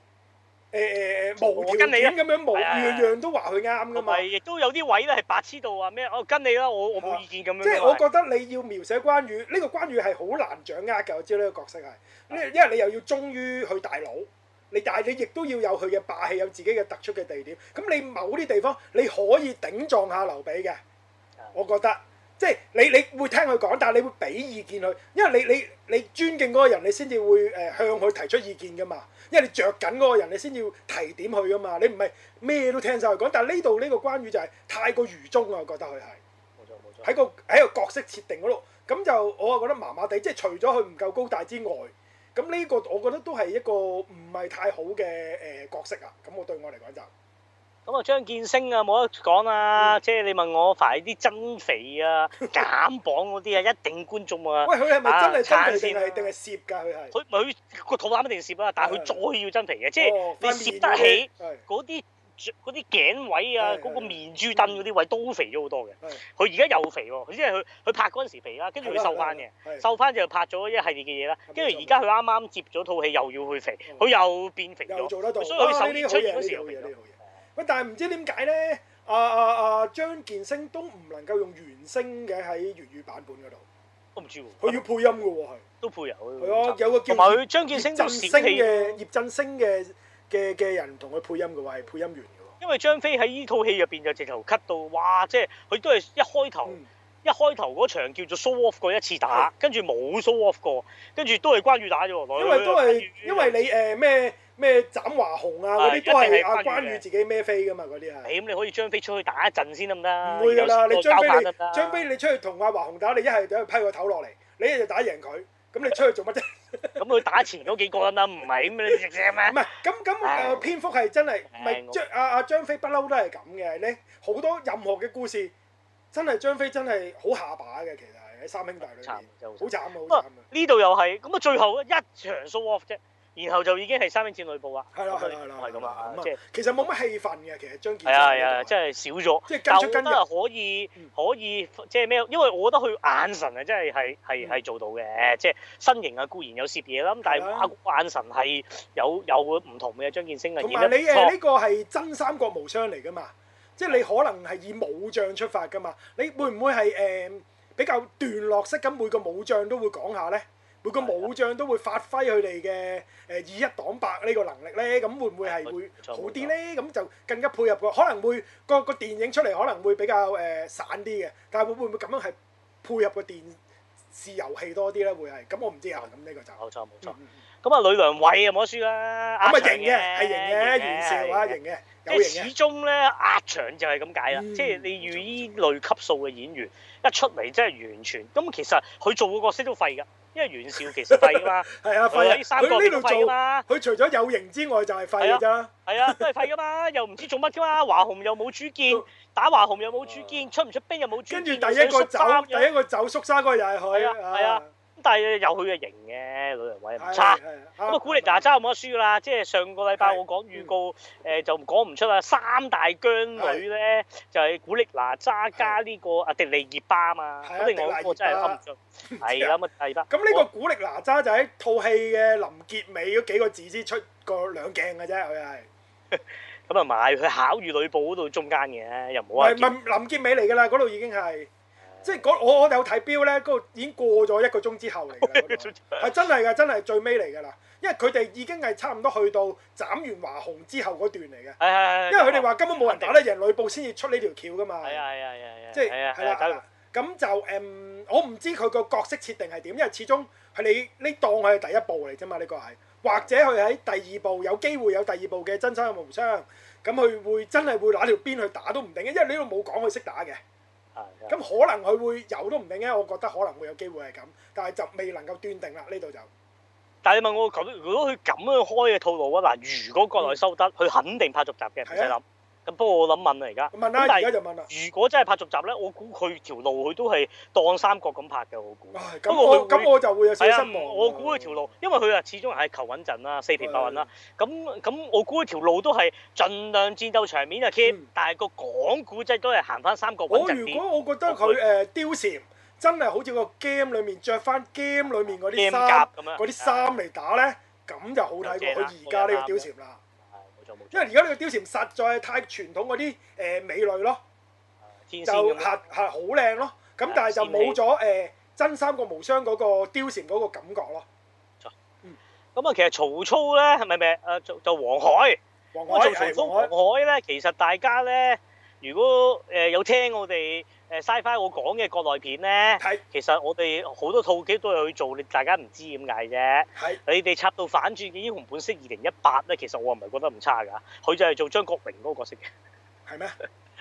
誒誒無條件咁樣，樣樣都話佢啱噶嘛？唔係，亦都有啲位咧係白痴度話咩？我跟你啦，我、啊、我冇意見咁樣。即係我覺得你要描寫關羽，呢、呢個關羽係好難掌握㗎。我知呢個角色係，的因為你又要忠於佢大佬，但你但係你亦都要有佢嘅霸氣，有自己嘅突出嘅地點。咁你某啲地方你可以頂撞下劉備嘅，我覺得。即係你你會聽佢講，但係你會俾意見佢，因為你你你尊敬嗰個人，你先至會誒向佢提出意見噶嘛。因為你着緊嗰個人，你先至提點佢噶嘛。你唔係咩都聽晒佢講。但係呢度呢個關羽就係太過愚忠啦，我覺得佢係冇錯冇錯。喺個喺個角色設定嗰度，咁就我係覺得麻麻地。即係除咗佢唔夠高大之外，咁呢個我覺得都係一個唔係太好嘅誒、呃、角色啊。咁我對我嚟講就是。咁啊，張建升啊，冇得講啊！即係你問我排啲增肥啊、減磅嗰啲啊，一定觀眾啊。喂，佢係咪真係增肥先係，定係攝㗎？佢係佢咪佢個肚腩一定攝啊，但係佢再要增肥嘅，即係你攝得起嗰啲啲頸位啊，嗰個面珠墩嗰啲位都肥咗好多嘅。佢而家又肥喎，佢即係佢佢拍嗰陣時肥啦，跟住佢瘦翻嘅，瘦翻就拍咗一系列嘅嘢啦。跟住而家佢啱啱接咗套戲，又要去肥，佢又變肥咗，所以佢首年出現嗰時又肥咗。喂，但係唔知點解咧？阿阿阿張健升都唔能夠用原聲嘅，喺粵語版本嗰度，我唔知喎。佢要配音嘅喎，係都配音有嘅喎。係咯，有個叫葉振聲嘅，葉振聲嘅嘅嘅人同佢配音嘅喎，係配音員嘅喎。因為張飛喺呢套戲入邊就直頭 cut 到，哇！即係佢都係一開頭一開頭嗰場叫做 show off 過一次打，跟住冇 show off 過，跟住都係關羽打咗喎。因為都係因為你誒咩？咩斬華雄啊？嗰啲都係阿關羽自己孭飛噶嘛？嗰啲啊。誒，咁你可以張飛出去打一陣先得唔得？唔會噶啦，你張飛你張飛你出去同阿華雄打，你一係就批個頭落嚟，你一係就打贏佢，咁你出去做乜啫？咁佢打前都幾過癮啦，唔係咩？唔係，咁咁啊！蝙蝠係真係，咪張阿阿張飛不嬲都係咁嘅。你好多任何嘅故事，真係張飛真係好下把嘅，其實喺三兄弟裏面好慘好慘啊！呢度又係咁啊，最後一場 show off 啫。然後就已經係三英戰呂布啊！係啦係啦係咁啊！即係其實冇乜氣氛嘅，其實張傑升係啊係啊，真係少咗。即係跟出跟得可以，可以即係咩？因為我覺得佢眼神啊，真係係係係做到嘅。即係身形啊，固然有攝嘢啦，咁但係眼神係有有唔同嘅張傑升嚟。同埋你誒呢個係真三國無雙嚟噶嘛？即係你可能係以武將出發噶嘛？你會唔會係誒比較段落式咁每個武將都會講下咧？佢個武將都會發揮佢哋嘅誒二一擋百呢個能力咧，咁會唔會係會好啲咧？咁就更加配合個可能會個個電影出嚟可能會比較誒散啲嘅，但係會唔會咁樣係配合個電視遊戲多啲咧？會係咁，我唔知啊。咁呢個就冇錯冇錯。咁啊，呂良偉又冇得輸啦，咁啊贏嘅係贏嘅，完成啦贏嘅，即係始終咧壓場就係咁解啦。即係你遇依類級數嘅演員一出嚟，即係完全咁。其實佢做個角色都廢㗎。因為袁紹其實廢噶嘛，係 啊，廢啊，佢呢度做嘛，佢除咗有型之外就係廢噶啫、 啊，係啊，都係廢噶嘛，又唔知做乜噶嘛，華雄又冇主見，打華雄又冇主見， 出唔出兵又冇主見，跟住第一個走，第一個走，縮沙嗰個又係佢，係啊。啊但係有佢嘅型嘅，呂良偉唔差。咁啊，古力娜扎有冇得輸啦，即係上個禮拜我講預告，誒就講唔出啦。三大姜女咧，就係古力娜扎加呢個阿迪麗熱巴嘛。咁你我個真係諗唔出，係啦嘛，係啦。咁呢個古力娜扎就喺套戲嘅臨結尾嗰幾個字先出過兩鏡嘅啫，佢係。咁啊，唔佢考與呂布度中間嘅，又唔好話。臨結尾嚟㗎啦，嗰度已經係。即係我我哋有睇表咧，嗰個已經過咗一個鐘之後嚟嘅，係、嗰個、真係嘅，真係最尾嚟㗎啦。因為佢哋已經係差唔多去到斬完華雄之後嗰段嚟嘅。係係係。因為佢哋話根本冇人打咧，贏呂布先至出呢條橋㗎嘛。係係係係。即係係啦。咁就誒、嗯，我唔知佢個角色設定係點，因為始終係你呢當係第一部嚟啫嘛，呢個係或者佢喺第二部，有機會有第二部嘅真三國無雙，咁佢會真係會拿條鞭去打都唔定嘅，因為你都冇講佢識打嘅。咁、嗯、可能佢會有都唔定嘅，我覺得可能會有機會係咁，但係就未能夠斷定啦。呢度就。但係你問我咁，如果佢咁樣開嘅套路啊，嗱，如果國內收得，佢、嗯、肯定拍續集嘅，唔使諗。嗯。不過我諗問啊，而家問大家就問啦。如果真係拍續集咧，我估佢條路佢都係當三角咁拍嘅，我估。咁我咁我就會有少少失望。我估佢條路，因為佢啊，始終係求穩陣啦，四平八穩啦。咁咁，我估佢條路都係盡量戰鬥場面啊 game，但係個講古質都係行翻三角穩陣。我如果我覺得佢誒貂蟬真係好似個 game 裡面着翻 game 裡面嗰啲衫，嗰啲衫嚟打咧，咁就好睇過佢而家呢個貂蟬啦。因為而家呢個貂蟬實在係太傳統嗰啲誒美女咯，就係係好靚咯，咁但係就冇咗誒真三國無雙嗰個貂蟬嗰個感覺咯。錯，嗯，咁啊其實曹操咧，唔係咪？係，誒就就黃海，黃海係黃海咧，海海其實大家咧，如果誒、呃、有聽我哋。誒，曬翻、uh, 我講嘅國內片咧，是其實我哋好多套劇都有去做，你大家唔知點解啫。係是你哋插到反轉嘅英雄本色二零一八咧，其實我唔係覺得唔差㗎，佢就係做張國榮嗰個角色嘅。係咩？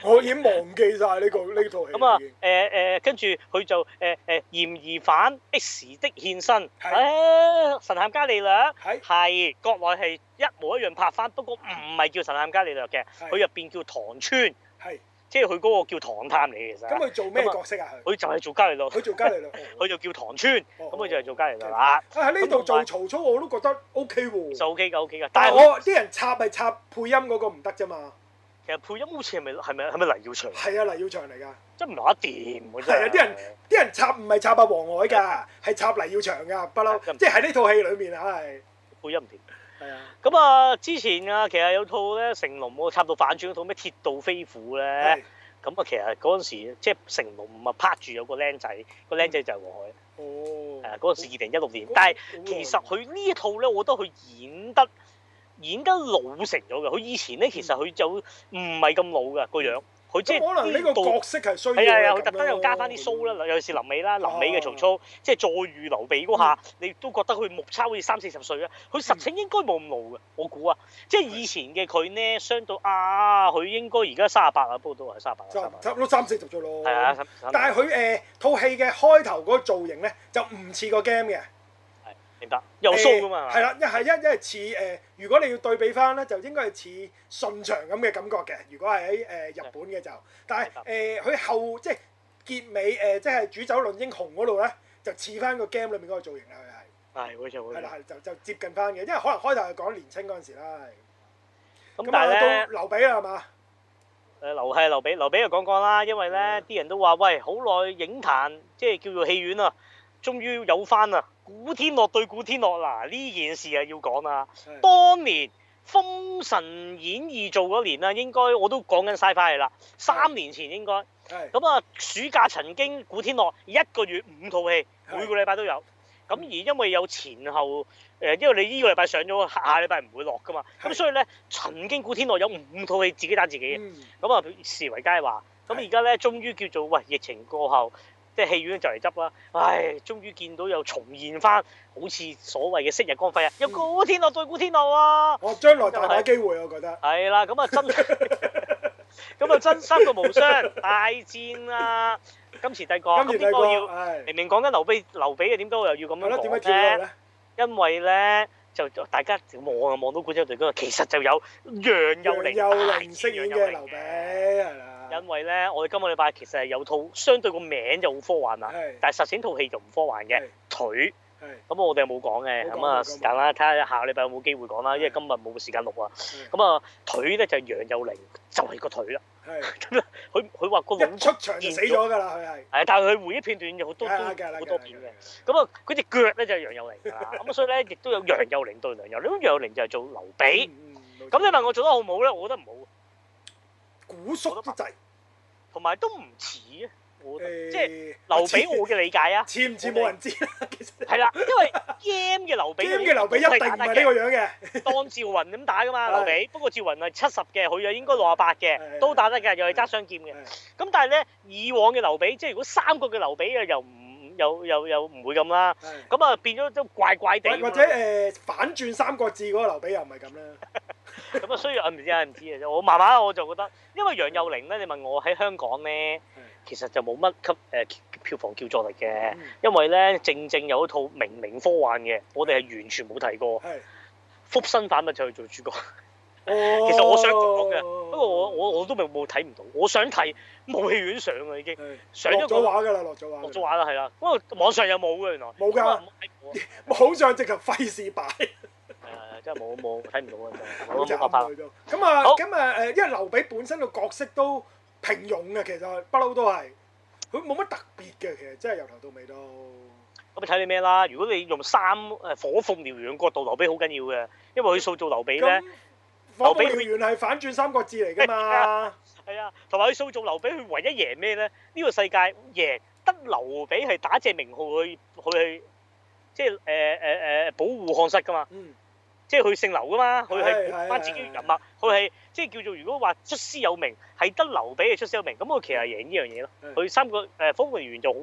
我已經忘記晒呢、呢個呢套 戲。咁啊，誒、呃、誒，跟住佢就誒誒、呃、嫌疑犯 X 的獻身，係是、啊、神探伽利略，係是國內係一模一樣拍翻，不過唔係叫神探伽利略嘅，佢入邊叫唐川。即係佢嗰個叫唐探嚟嘅其實，咁佢做咩角色啊？佢就係做伽利略，佢做伽利略，佢就叫唐川，咁佢就係做伽利略啦。喺呢度做曹操我都覺得 OK 喎，就 OK 噶 OK 噶。但係我啲人插咪插配音嗰個唔得啫嘛。其實配音好似係咪係咪係咪黎耀祥？係啊，黎耀祥嚟㗎，真唔攞得掂我真係。係啊，啲人啲人插唔係插阿黃海㗎，係插黎耀祥㗎，不嬲即係喺呢套戲裡面啊配音唔掂。咁啊，之前啊，其實有套咧，成龍冇插到反轉嗰套咩《鐵道飛虎呢》咧的，咁啊，那其實嗰陣時即係成龍咪拍住有個僆仔，個僆仔就係黃海，誒嗰陣時二零一六年，但係其實佢呢一套咧，我覺得佢演得演得老成咗嘅，佢以前咧其實佢就唔係咁老嘅個、嗯、樣。佢即係可能呢個角色係需要咁樣？係啊，佢、啊、特登又加翻啲鬚啦，尤其是臨尾啦，臨尾嘅曹操，啊、即係再遇劉備嗰下，嗯、你都覺得佢目測好似三四十歲啊！佢實情應該冇咁老嘅，嗯、我估啊，即係以前嘅佢呢，傷到啊，佢應該而家三十八啊，不過都係三十八差唔多三四十歲咯。係啊，30, 40, 40，但係佢誒套戲嘅開頭嗰造型咧，就唔似個 game 嘅。唔得，又縮噶嘛？係啦，一係一，一係似誒，如果你要對比翻咧，就應該係似順長順暢咁嘅感覺嘅。如果係喺誒日本嘅就，但係誒佢後即係結尾誒，即係煮酒論英雄嗰度咧，就似翻個 game 裏面嗰個造型啦，佢係。係，好似嗰個。係啦，係就就接近翻嘅，因為可能開頭係講年青嗰陣時啦，咁但係咧，劉備啦，係嘛？誒，劉係劉備，劉備就講講啦，因為咧啲人都話喂，好耐影壇即係叫做戲院啊，終於有翻啊！古天樂對古天樂，嗱呢件事啊要講啦， 當年《封神演義》做嗰年啦，應該我都講緊晒返嚟啦，三年前應該咁啊 暑假曾經古天樂一個月五套戲，每個禮拜都有，咁 而因為有前後誒，因為你呢個禮拜上咗，下禮拜唔會落噶嘛，咁 所以咧曾經古天樂有五套戲自己打自己嘅，咁啊 時為佳話，咁而家咧終於叫做喂疫情過後。即係戲院就嚟執啦！唉，終於見到又重現翻，好似所謂嘅昔日光輝啊！有古天樂對古天樂啊！我將來大把機會，我覺得係啦。咁啊，真咁啊，真三國無雙大戰啦！金錢帝國，金錢帝國要明明講緊劉備，劉備啊，點解又要咁樣講咧？因為咧，就大家望啊望到古仔隊嗰個，其實就有楊祐寧飾演嘅劉備係啦。因為咧，我哋今個禮拜其實係有套相對個名就好科幻啦，但係實踐套戲就唔科幻嘅腿。係。咁啊，我哋冇講嘅咁啊，時間啦，睇下下個禮拜有冇機會講啦，因為今日冇時間錄啊。咁啊，腿咧就係楊佑寧就係個腿啦。係。咁啊，佢佢話嗰個一出場死咗㗎啦，佢係。係，但係佢回憶片段就好多都好多片嘅。咁啊，嗰隻腳咧就係楊佑寧啦。咁啊，所以咧亦都有楊佑寧對楊佑寧。咁楊佑寧就係做劉備。嗯。咁你問我做得好唔好咧？我覺得唔好。古索得滯，同埋都唔似啊！我即係劉備，我嘅理解啊，似唔似冇人知啦，其實係啦，因為 game 嘅劉備，game 嘅劉備一定唔係呢個樣嘅，當趙雲咁打㗎嘛。劉備不過趙雲係七十嘅，佢又應該六十八嘅，都打得嘅，又係揸雙劍嘅。咁但係咧，以往嘅劉備，即係如果三國嘅劉備啊，又唔又又又唔會咁啦。咁啊變咗都怪怪地，或者誒反轉《三國志》嗰個劉備又唔係咁啦。咁啊，需要啊，唔知啊，唔知啊，我慢慢我就覺得，因為楊祐寧咧，你問我喺香港咧，其實就冇乜吸誒票房叫座力嘅，因為咧正正有一套明明科幻嘅，我哋係完全冇睇過，係複身犯咪就去做主角，哦，其實我想講嘅，不過我我我都冇睇唔到，我想睇冇戲院上啊已經，上咗畫㗎啦，落咗畫，落咗畫啦係啦，不過網上有冇嘅原來？冇㗎，好想直頭費事擺。而家冇冇睇唔到啊！好就冇去到。咁啊，咁啊，誒，因為劉備本身個角色都平庸嘅，其實不嬲都係，佢冇乜特別嘅，其實真係由頭到尾都。咁咪睇你咩啦？如果你用三誒火鳳燎原角度，劉備好緊要嘅，因為佢塑造劉備咧，火鳳燎原係反轉三國志嚟㗎嘛。係啊，同埋佢塑造劉備，佢唯一贏咩咧？呢個世界贏得劉備係打正名號去去，即係誒誒誒保護漢室㗎嘛。嗯。即係佢姓劉噶嘛，佢係翻自己人物，佢係即係叫做如果話出師有名，係得劉備係出師有名，咁佢其實贏呢樣嘢咯。佢是三個誒消防員就好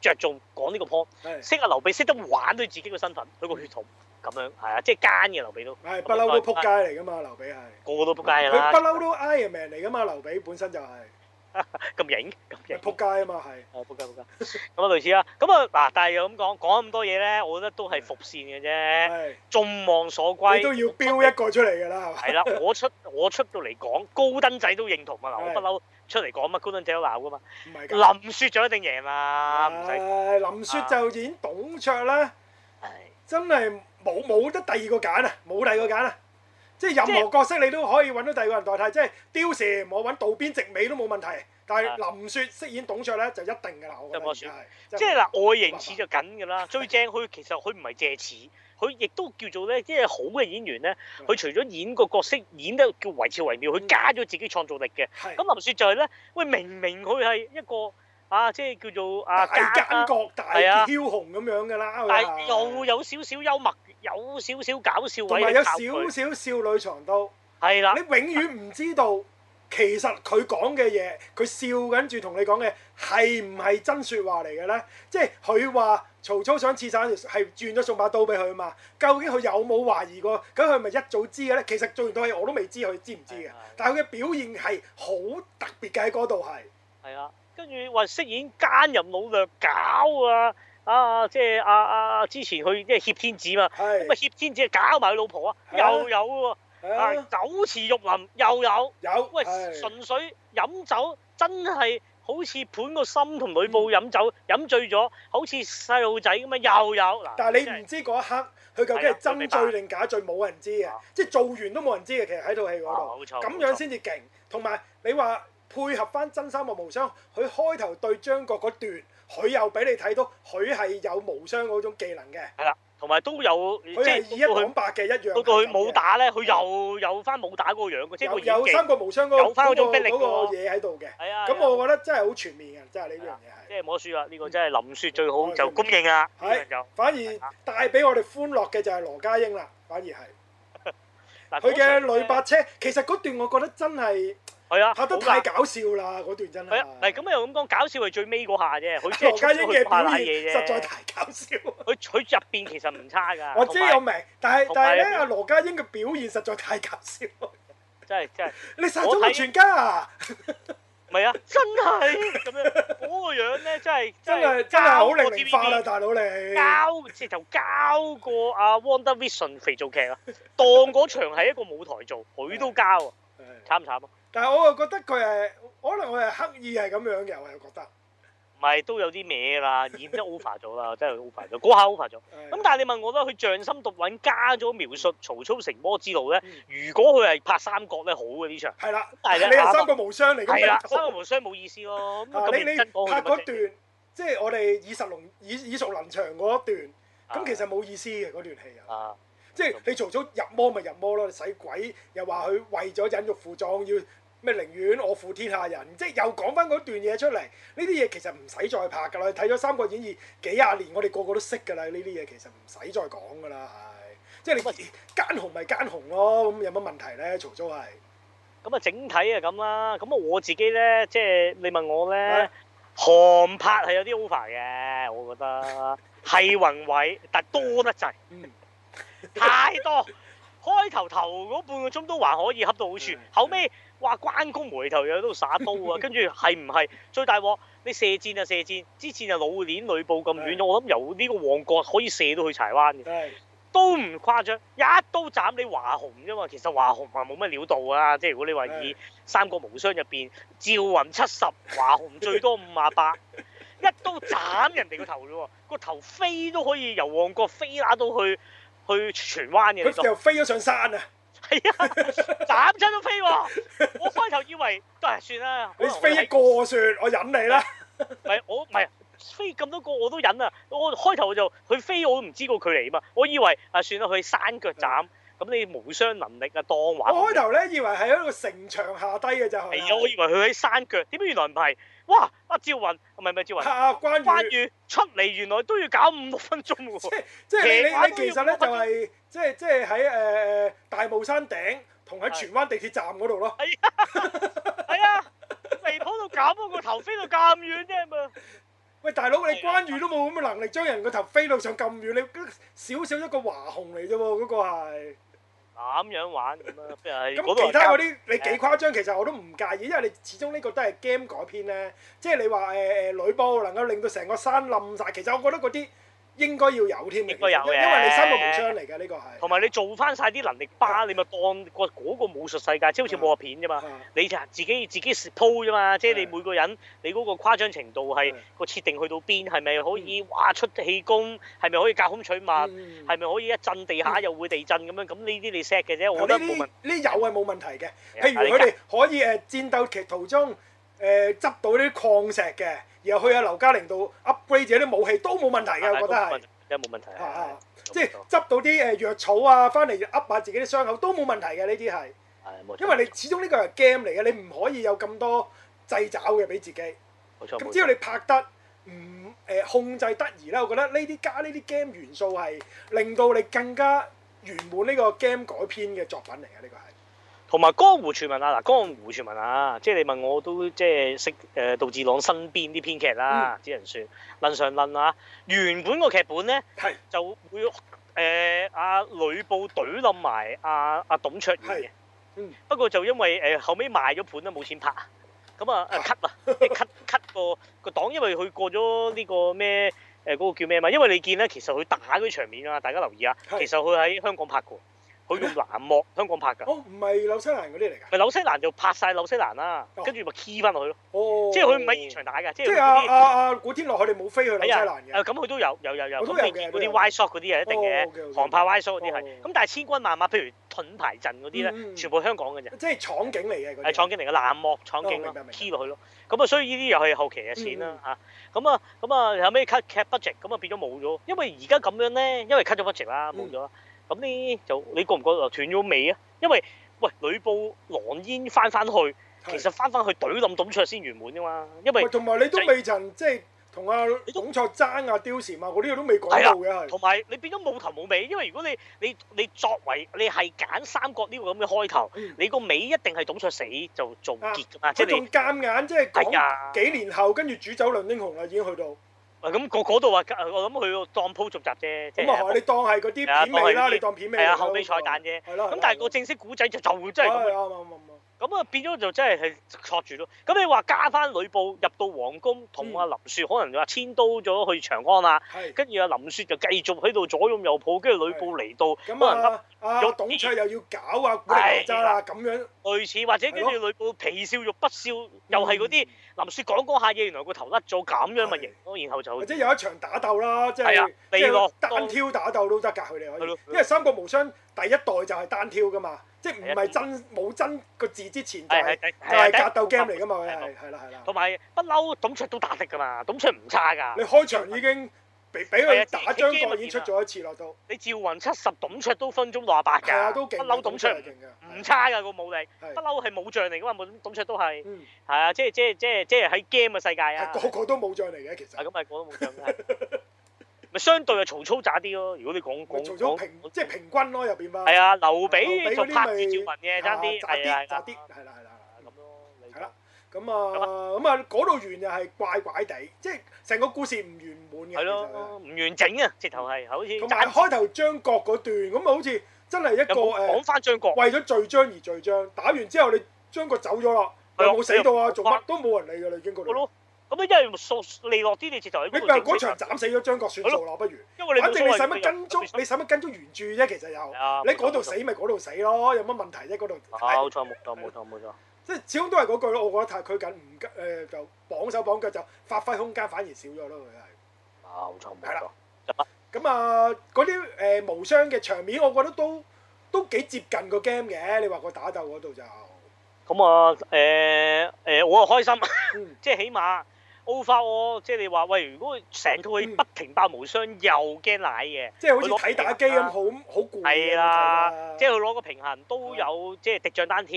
着重講呢個 point，識阿劉備識得玩對自己個身份，佢個血統咁樣，係啊，即係奸嘅劉備都，不嬲都仆街嚟噶嘛，劉備係個個都仆街嘅啦，佢不嬲都 Iron Man 嚟噶嘛，劉備本身就係、是。咁型咁型，仆街啊嘛係，哦仆街仆街，咁啊類似啦，咁啊嗱，但係又咁講講咗咁多嘢咧，我覺得都係伏線嘅啫，眾望所歸，你都要標一個出嚟㗎啦係嘛？係啦，我出我出到嚟講，高登仔都認同嘛，我不嬲出嚟講嘛，高登仔都鬧㗎嘛，唔係㗎，林雪就一定贏嘛，誒林雪就演董卓啦，真係冇冇得第二個揀啊，冇第二個揀啊。即係任何角色你都可以揾到第二個人代替，即係貂蟬我揾渡邊直美都冇問題，但係林雪飾演董卓咧就一定㗎啦，我覺得即係嗱，外形似就緊㗎啦，最正佢其實佢唔係借似，佢亦都叫做咧，即係好嘅演員咧，佢除咗演個角色演得叫惟肖惟妙，佢加咗自己創造力嘅。咁林雪就係咧，喂明明佢係一個啊，即係叫做啊大奸角大梟雄咁樣㗎啦，但係又有少少幽默。有少少搞笑同埋有少,少少少女藏刀的，係啦！你永遠唔知道，其實佢講嘅嘢，佢的笑緊住同你講嘅係唔係真説話嚟嘅咧？即係佢話曹操想刺殺，係轉咗送把刀俾佢嘛？究竟佢有冇懷疑過？咁佢係咪一早知嘅咧？其實做完套戲我都未知佢知唔知嘅，但係佢嘅表現係好特別嘅喺嗰度係。係啊，跟住話飾演奸人冇略搞啊！啊！即係阿阿之前佢即係挾天子嘛，咁咪挾天子搞埋佢老婆啊，又有啊，酒池肉林又有，喂，純粹飲酒真係好似盤個心同呂布飲酒飲醉咗，好似細路仔咁樣，又有。但係你唔知嗰一刻佢究竟係真醉定假醉，冇人知嘅，即係做完都冇人知嘅。其實喺套戲嗰度，咁樣先至勁。同埋你話配合翻真三國無雙，佢開頭對張角嗰段。佢又俾你睇到，佢係有無雙嗰種技能嘅。係啦，同埋都有。佢係以一往百嘅一樣。不過佢武打咧，佢又有翻武打嗰個樣嘅，即係冇有三個無雙嗰個嗰個嘢喺度嘅。係啊。咁我覺得真係好全面嘅，真係呢樣嘢係。即係冇得輸啦！呢個真係林雪最好就公認啦。係，反而帶俾我哋歡樂嘅就係羅家英啦，反而係。佢嘅女白車其實嗰段，我覺得真係。係啊，拍得太搞笑啦！嗰段真係，係啊，嚟咁又咁講，搞笑係最尾嗰下啫，佢即係羅家英嘅表演，實在太搞笑。佢佢入邊其實唔差㗎。我知我明，但係但係咧，阿羅家英嘅表現實在太搞笑。真係真係。你殺咗佢全家啊？唔係啊，真係咁樣嗰個樣咧，真係真係交過 T V BTVB 嘅大佬你。交直頭交過阿 WandaVision 肥皂劇啊，當嗰場係一個舞台做，佢都交啊，慘唔慘啊？但係我又覺得佢係可能佢係刻意係咁樣嘅，我又覺得唔係都有啲咩啦，已經 over 咗啦，真係 over 咗，嗰下 over 咗。咁但係你問我啦，佢匠心獨運加咗描述曹操成魔之路咧，如果佢係拍《三國》咧，好嘅呢場。係啦，但係你係《三國無雙》嚟，咁《三國無雙》冇意思咯。咁你拍嗰段，即係我哋以石龍以以熟臨場嗰一段，咁其實冇意思嘅嗰段戲啊。即係你曹操入魔咪入魔咯，你使鬼又話佢為咗忍辱負重要。咩寧願我負天下人，即係又講翻嗰段嘢出嚟。呢啲嘢其實唔使再拍㗎啦。睇咗《三國演義》幾廿年，我哋個個都識㗎啦。呢啲嘢其實唔使再講㗎啦，係。即係你喂奸雄咪奸雄咯，咁有乜問題咧？曹操係。咁啊，整體啊咁啦。咁啊，我自己咧，即係你問我咧，喂韓拍係有啲 over 嘅，我覺得係 宏偉，但多得滯，太多。嗯 太多開頭頭嗰半個鐘都還可以恰到好處，嗯、後尾話關公回頭又喺度耍刀啊， 跟住係唔係最大鑊？你射箭啊射箭，之前就老練呂布咁遠咗，嗯、我諗由呢個旺角可以射到去柴灣嘅，嗯、都唔誇張。一刀斬你華雄啫嘛，其實華雄話冇乜料到啊，即係如果你話以三國無雙入邊，趙雲七十，華雄最多五廿八，一刀斬人哋個頭啫喎，個頭飛都可以由旺角飛啦到去。去荃灣嘅時候，佢又飛咗上山啊！係 啊，斬親都飛喎、啊！我開頭以為都係、啊、算啦，你飛一個算，我忍你啦。唔 係我唔係飛咁多個我都忍啊！我開頭就佢飛，我都唔知個距離啊嘛，我以為啊算啦，佢山腳斬，咁 你無雙能力啊當玩。我開頭咧以為係喺個城牆下低嘅咋。係。係啊，我以為佢喺山腳，點解原來唔係？哇！阿趙雲唔係唔係趙雲，係阿、啊、關羽,關羽出嚟原來都要搞五六分鐘喎。即係騎馬都要。你其實咧就係即係即係喺誒誒大帽山頂同喺荃灣地鐵站嗰度咯。係啊係啊，離譜、 哎、到咁，個頭飛到咁遠啫嘛。 喂，大佬你關羽都冇咁嘅能力，將人個頭飛到上咁遠，你少少一個華雄嚟啫喎，嗰、嗰個係。咁樣玩咁樣！咁 其他嗰啲 你幾誇張，其實我都唔介意，因為你始終呢個都係 game 改編咧，即係你話誒誒呂布能夠令到成個山冧晒，其實我覺得嗰啲。應該要有添，應該有嘅，因為你三、這個武將嚟嘅呢個係。同埋你做翻晒啲能力巴，啊、你咪當個嗰個武術世界，即係好似武俠片啫嘛。啊、你就自己自己 set 鋪啫嘛。即係你每個人，你嗰個誇張程度係個、啊、設定去到邊，係咪可以、嗯、哇出氣功？係咪可以隔空取物？係咪、嗯、可以一震地下又會地震咁、嗯、樣？咁呢啲你 set 嘅啫，我覺得冇問。呢有係冇問題嘅。譬如佢哋可以誒戰鬥劇途中誒執、呃、到啲礦石嘅。又去阿劉嘉玲度 upgrade 自己啲武器都冇問題嘅，對我覺得係，有冇問題即係執到啲誒藥草啊，翻嚟 up 下自己啲傷口都冇問題嘅，呢啲係。錯因為你始終呢個係 game 嚟嘅，你唔可以有咁多掣肘嘅俾自己。咁只要你拍得唔誒、呃、控制得宜啦，我覺得呢啲加呢啲 game 元素係令到你更加圓滿呢個 game 改編嘅作品嚟嘅，呢、呢個係。同埋江，江湖傳聞啊，嗱江湖傳聞啊，即係你問我都即係識誒杜志朗身邊啲編劇啦，只能算。論上論啊。原本個劇本咧，係就會誒阿呂布懟冧埋阿阿董卓嘅。不過就因為誒後尾賣咗盤都冇錢拍，咁啊誒 cut 啦，即係 cut cut 個個檔，因為佢過咗呢個咩誒嗰個叫咩嘛？因為你見咧，其實佢打嗰啲場面啊，大家留意啊，其實佢喺香港拍過。佢用藍幕香港拍㗎，唔係紐西蘭嗰啲嚟㗎。咪紐西蘭就拍晒紐西蘭啦，跟住咪 key 翻落去咯。哦，即係佢唔係現場打㗎，即係嗰啲古天樂佢哋冇飛去紐西蘭嘅。係啊，咁佢都有有有有，咁譬如嗰啲 wide shot 嗰啲係一定嘅，航拍 wide shot 嗰啲係。咁但係千軍萬馬，譬如盾牌陣嗰啲咧，全部香港嘅啫。即係場景嚟嘅嗰啲。係場景嚟嘅藍幕場景 key 落去咯。咁啊，所以呢啲又係後期嘅錢啦嚇。咁啊咁啊，後屘 cut cut budget 咁啊變咗冇咗，因為而家咁樣咧，因為 cut 咗 budget 啦，冇咗。咁咧就你覺唔覺得斷咗尾啊？因為喂，呂布狼煙翻翻去，其實翻翻去隊冧董卓先圓滿啫嘛。因為同埋你都未曾即係同阿董卓爭阿貂蟬啊，嗰啲都未講到嘅。係同埋你變咗冇頭冇尾，因為如果你你你作為你係揀《三國》呢個咁嘅開頭，你個尾一定係董卓死就做結㗎嘛。即係你仲夾硬，即係講幾年後跟住煮酒論英雄啊，已經去到。咁嗰度啊，我諗佢個當鋪續集啫，即係你當係嗰啲片尾啦，你當片尾，後尾彩蛋啫。咁但係個正式古仔就就會真係噉樣。咁啊，變咗就真係係撮住咯。咁你話加翻呂布入到皇宮，同阿林雪可能就話遷都咗去長安啦。係。跟住阿林雪就繼續喺度左擁右抱，跟住呂布嚟到，可能噏又董卓又要搞啊，攰曬之類咁樣。類似或者跟住呂布皮笑肉不笑，又係嗰啲林雪講講下嘢，原來個頭甩咗，咁樣咪型。然後就或者有一場打鬥啦，即係地落單挑打鬥都得㗎，佢哋可以。係咯。因為《三國無雙》第一代就係單挑㗎嘛。即係唔係真冇真個字，之前就係格鬥 game 嚟㗎嘛。係啦係啦，同埋不嬲董卓都打得㗎嘛，董卓唔差㗎。你開場已經俾俾佢打，張角已經出咗一次啦都。你趙雲七十董卓都分鐘六啊八㗎，不嬲董卓唔差㗎個武力，不嬲係武將嚟㗎嘛，董卓都係，係啊，即係即係即係即係喺 game 嘅世界啊。個個都武將嚟嘅其實。咁係個都武將相對啊，曹操渣啲咯。如果你講曹操平，即係平均咯入邊嘛。係啊，劉備就拍住趙雲嘅渣啲，係啲，係啦係啦咁咯。係啦，咁啊咁啊嗰度完又係怪怪地，即係成個故事唔完滿嘅。係咯，唔完整啊，直頭係好似。但係開頭張角嗰段，咁啊好似真係一個誒，講返張角，為咗聚章而聚章，打完之後你張角走咗啦，佢冇死到啊？做乜都冇人理㗎啦，已經咁啊，因為數利落啲，你直頭喺嗰度。嗰場斬死咗張國選，數落不如。因為你，反正你使乜跟足，你使乜跟足原著啫，其實又，你嗰度死咪嗰度死咯，有乜問題啫？嗰度。冇錯，冇錯，冇錯，冇錯。即係始終都係嗰句咯，我覺得太拘緊唔緊就綁手綁腳就發揮空間反而少咗咯，佢係。冇錯冇錯。係啦。咁啊，嗰啲誒無雙嘅場面，我覺得都都幾接近個 game 嘅。你話個打鬥嗰度就。咁啊誒誒，我啊開心，即係起碼。over 即係你話，喂！如果佢成套戲不停爆無雙，又驚奶嘅，即係好似睇打機咁，好好攰。係啦，即係佢攞個平衡都有，即係敵將單挑，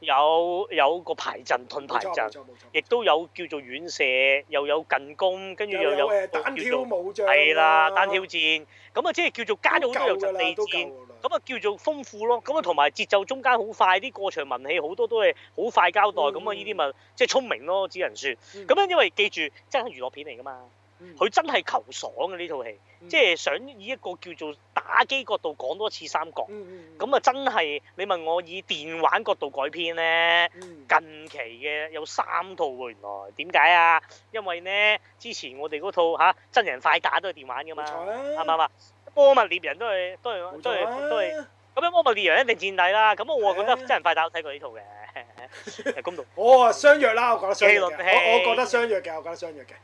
有有個排陣盾牌陣，亦都有叫做遠射，又有近攻，跟住又有叫做武將。係啦，單挑戰咁啊，即係叫做加咗好多有陣地戰。咁啊，叫做豐富咯。咁啊，同埋節奏中間好快，啲過場文戲好多都係好快交代。咁啊、嗯，呢啲咪即係聰明咯，只能説。咁啊、嗯，因為記住，真係娛樂片嚟噶嘛。佢、嗯、真係求爽嘅呢套戲，即係、嗯、想以一個叫做打機角度講多次三國《三國、嗯》嗯。咁啊，真係你問我以電玩角度改編咧，嗯、近期嘅有三套喎。原來點解啊？因為咧，之前我哋嗰套吓、啊，真人快打都係電玩噶嘛，啱唔啱啊？ 魔物獵人都係都係都係都係咁樣，魔物獵人一定墊底啦。咁我話覺得真人快打睇過呢套嘅喺我話相若啦，我覺得相若嘅。我我覺得相若嘅，我覺得相若嘅。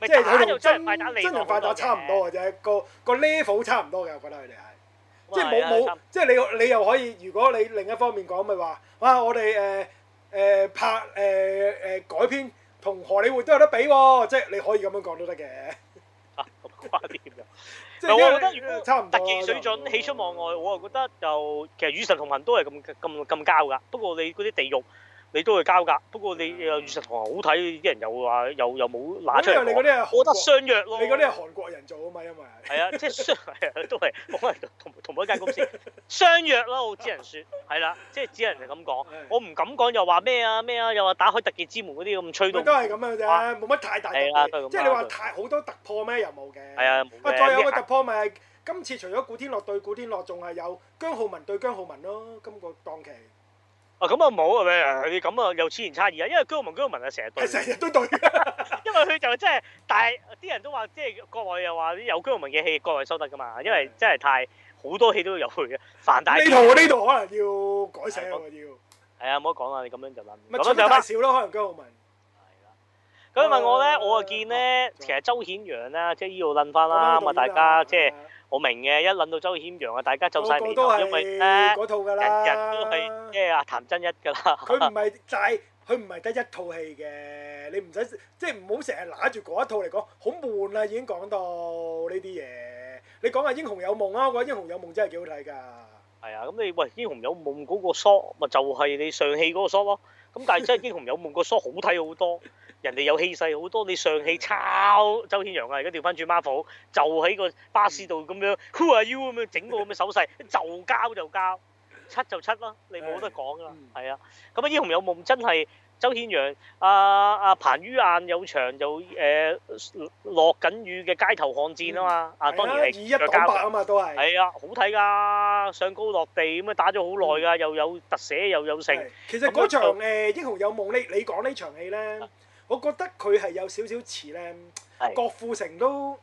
即係佢同真真人快打差唔多嘅啫，個個 level 差唔多嘅。我覺得佢哋係即係冇冇，即係你你又可以，如果你另一方面講，咪話哇，我哋誒誒拍誒誒改編同荷里活都有得比喎。即係你可以咁樣講都得嘅。啊，咁誇啲嘅。嗱，我覺得差唔多，特技水準喜出望外，我又覺得就其實與神同行都係咁咁咁交㗎。不過你嗰啲地獄。你都會交㗎，不過你又《御實堂》好睇，啲人又話又又冇攔啲我。好得相約咯。你嗰啲係韓國人做啊嘛，因為係啊，即係都係冇人同同一間公司相約咯，只能說係啦，即係只能係咁講。我唔敢講，又話咩啊咩啊，又話打開特技之門嗰啲咁吹到。都係咁樣啫，冇乜太大突破。即係你話太好多突破咩？又冇嘅。係啊，再有個突破咪係今次除咗古天樂對古天樂，仲係有姜浩文對姜浩文咯。今個檔期。啊咁啊冇啊咩啊啲咁啊又此言差矣啊，因為姜浩文姜文啊成日對，成日都對。因為佢就真係，但係啲人都話，即係國內又話啲有姜浩文嘅戲，國內收得噶嘛，因為真係太好多戲都有佢嘅。範大，你同呢度可能要改寫喎要。係啊，唔好講啦，你咁樣就冧。咪出場率少咯，可能姜浩文。係啦。咁你問我咧，我啊見咧，其實周顯揚咧，即係依度冧翻啦，咁啊大家即係。我明嘅，一諗到周顯揚啊，大家就曬面，因為嗰套㗎啦，日日都係即係阿譚真一㗎啦。佢唔係齋，佢唔係得一套戲嘅，你唔使即係唔好成日揦住嗰一套嚟講，好悶啦，已經講到呢啲嘢。你講下《英雄有夢》啊，我覺得《英雄有夢》真係幾好睇㗎。係啊，咁你喂，《英雄有夢》嗰個 show 咪就係你上戲嗰個 show 咯，咁但係真係《英雄有夢》個 show 好睇好多。人哋有氣勢好多，你上戲抄周顯揚啊！而家調翻轉 Marvel，就喺個巴士度咁樣，Who are you 咁樣，整個咁嘅手勢，就交就交，七就七咯，你冇得講噶啦。係啊，咁啊《英雄有夢》真係周顯揚，阿阿彭于晏有場就誒落緊雨嘅街頭巷戰啊嘛。係啊，以一擋百啊嘛，都係。係啊，好睇㗎，上高落地咁樣打咗好耐㗎，又有特寫又有性。其實嗰場誒《英雄有夢》，呢你講呢場戲咧？我覺得佢係有少少似咧，的郭富城都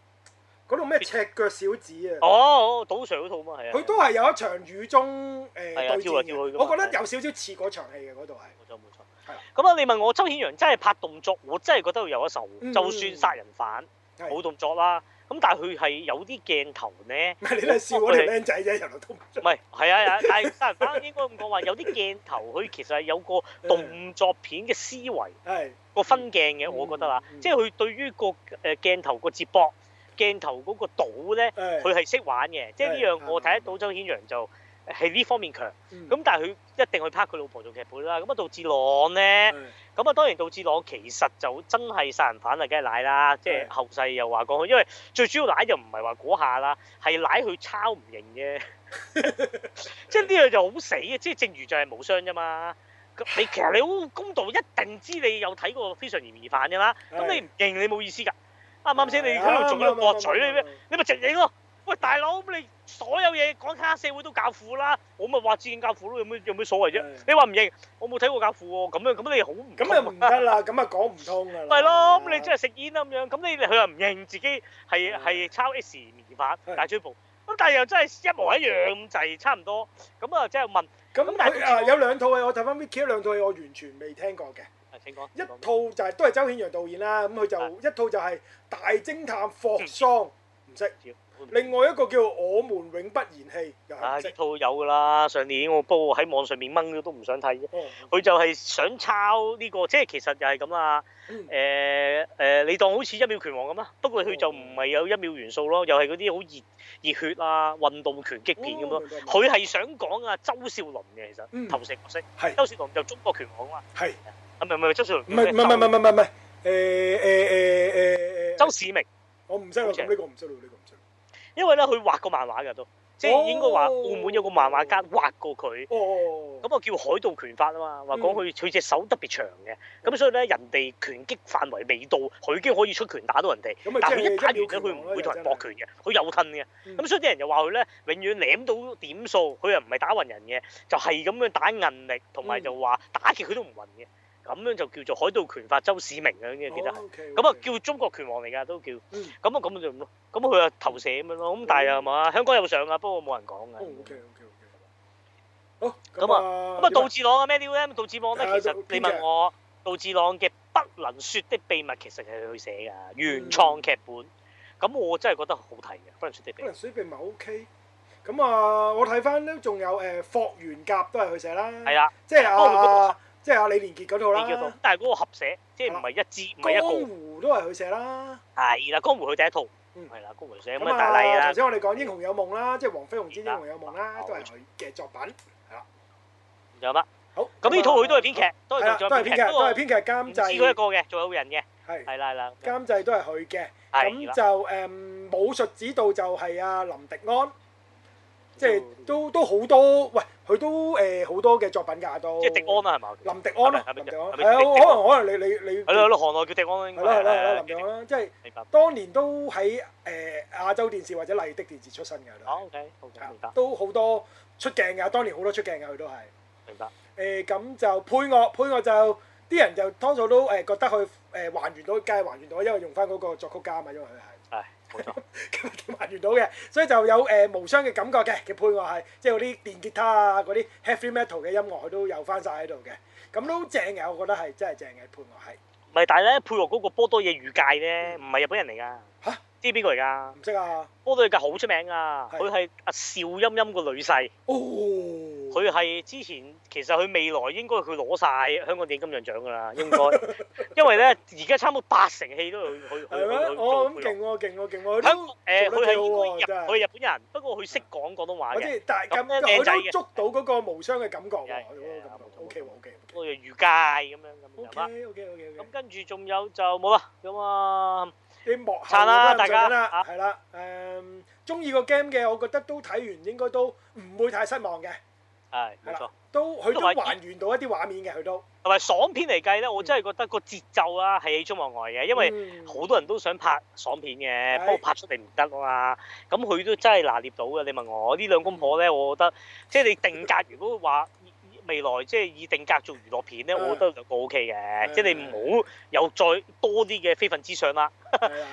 嗰套咩赤腳小子啊，哦，賭場嗰套嘛，係啊，佢都係有一場雨中誒、呃、的對跳、啊跳啊、我覺得有少少似嗰場戲嘅嗰度係，冇錯冇錯，係。咁啊的，你問我周顯揚真係拍動作，我真係覺得佢有得受。嗯、就算殺人犯冇的動作啦。咁但係佢係有啲鏡頭咧，唔係你都係笑我哋僆仔啫，由來都唔係係啊！但係相反應該咁講話，有啲鏡頭佢其實係有個動作片嘅思維，係個分鏡嘅，我覺得啊，即係佢對於個誒鏡頭個接駁鏡頭嗰個度咧，佢係識玩嘅，即係呢樣我睇得到周顯揚就。係呢方面強，咁但係佢一定去拍佢老婆做劇本啦。咁啊，杜志朗咧，咁啊當然杜志朗其實就真係殺人犯嚟嘅奶啦。即係的後世又話講佢，因為最主要奶就唔係話嗰下啦，係奶佢抄唔認啫。即係呢樣就好死嘅，即係正如就係無雙啫嘛。你其實你好公道，一定知你有睇過《非常嫌疑犯》㗎嘛。咁的你唔認你冇意思㗎。啱啱先你喺度仲喺度駁嘴呢？你咪、嗯嗯嗯嗯嗯嗯、直認咯。喂，大佬咁你所有嘢講睇下社會都教父啦，我咪話致敬教父咯，有冇有冇所謂啫？你話唔認，我冇睇過教父喎，咁樣咁你又好唔咁又唔得啦，咁啊講唔通啊，係咯，咁你真係食煙啊咁樣，咁你佢又唔認自己係係抄 S 年版大追捕，咁但係又真係一模一樣咁滯，差唔多，咁啊即係問咁佢啊有兩套嘢，我睇翻 Wiki 兩套嘢，我完全未聽過嘅，係請講，一套就係都係周顯揚導演啦，咁佢就一套就係大偵探霍桑，唔識。另外一個叫我們永不言棄。啊，呢套有㗎啦，上年我煲喎喺網上面掹都唔想睇啫。佢就係想抄呢個，即係其實又係咁啊。誒誒，你當好似一秒拳王咁啦。不過佢就唔係有一秒元素咯，又係嗰啲好熱熱血啊運動拳擊片咁咯。佢係想講啊，周少龍嘅其實投射角色。係。周少龍就中國拳王啊嘛。係。唔係唔係周少龍。唔係唔係唔係唔係唔係誒誒誒誒誒，鄒市明。我唔識喎，呢個唔識喎，呢個。因為咧，佢畫過漫畫㗎都，即係應該話澳門有個漫畫家畫過佢，咁啊、哦、叫海盜拳法啊嘛，話講佢佢隻手特別長嘅，咁所以咧人哋拳擊範圍未到，佢已經可以出拳打到人哋。即係但係佢一打完一拳，佢唔會同人搏拳嘅，佢又吞嘅。咁、嗯、所以啲人又話佢咧，永遠舐到點數，佢又唔係打暈人嘅，就係咁樣打韌力，同埋就話打極佢都唔暈嘅。嗯。咁樣就叫做海盜拳法周，周市明咁嘅，其實咁啊叫中國拳王嚟㗎，都叫咁啊咁就咁咯。咁佢啊投射咁樣咯，咁但係係嘛，香港有上啊，不過冇人講嘅。好，咁啊，咁啊,啊，杜志朗嘅咩料咧？杜志朗咧、啊，其實你問我，杜志朗嘅《不能說的秘密》其實係佢寫㗎，嗯、原創劇本。咁我真係覺得好睇嘅，《不能說的秘密》。《不能說的秘密》OK。咁啊，我睇翻咧，仲有誒霍元甲都係佢寫啦。係的啊，即係即係阿李連杰嗰套啦，但係嗰個合寫即係唔係一枝，唔係一個。江湖都係佢寫啦。係啦，江湖佢第一套。嗯，係啦，江湖寫咁嘅大例啦。頭先我哋講《英雄有夢》啦，即係黃飛鴻之《英雄有夢》啦，都係佢嘅作品。係啦，有乜？好，咁呢套佢都係編劇，都係啦，都係編劇，都係編劇監製。唔止佢一個嘅，做老人嘅，係係啦係啦。監製都係佢嘅，咁就誒武術指導就係阿林迪安。即係都都好多，喂，佢都誒好多嘅作品㗎都。即係安啊，係咪？林迪安咯，林狄安。係啊，可能可能你你你。係咯係咯，韓國叫迪安。係咯係咯，林陽啦，即係。明當年都喺誒亞洲電視或者麗的電視出身㗎都。好嘅，好嘅。明都好多出鏡㗎，當年好多出鏡㗎，佢都係。明白。誒咁就配樂，配樂就啲人就多數都誒覺得佢誒還原到，梗係還原到，因為用翻嗰個作曲家啊嘛，因為佢係。係。咁都還原到嘅，所以就有誒無雙嘅感覺嘅嘅配樂係，即係嗰啲電吉他啊、嗰啲 heavy metal 嘅音樂，佢都有翻晒喺度嘅，咁都好正嘅，我覺得係真係正嘅配樂係。唔係，但係咧，配樂嗰個波多野裕介咧，唔係日本人嚟㗎。嚇！知邊個嚟㗎？唔識啊！嗰對腳好出名啊！佢係阿邵音音個女婿。哦。佢係之前其實佢未來應該佢攞曬香港電影金像獎㗎啦，應該。因為咧，而家差唔多八成戲都佢佢佢佢做。係咩？我咁勁喎！勁喎！勁喎！誒，佢係應該入，佢係日本人。不過佢識講廣東話嘅。知，但係咁咧，佢都捉到嗰個無雙嘅感覺喎。嗰個感覺。O K 喎，O K。例如漁界咁樣咁。O K，O K，O K。咁跟住仲有就冇啦，咁啊。撐啦大家，係啦，誒、嗯，中意個 game 嘅，我覺得都睇完應該都唔會太失望嘅。係的，冇的錯，都佢都還原到一啲畫面嘅，佢都係咪也爽片嚟計咧，我真係覺得個節奏啊係喜出望外嘅，因為好多人都想拍爽片嘅，不過、嗯、拍出嚟唔得啊嘛。咁佢的都真係拿捏到嘅。你問我兩呢兩公婆咧，我覺得即係、嗯、你定格，如果話。 未來即係以定格做娛樂片咧，我覺得就 OK 嘅，即係你唔好有再多啲嘅非分之想啦，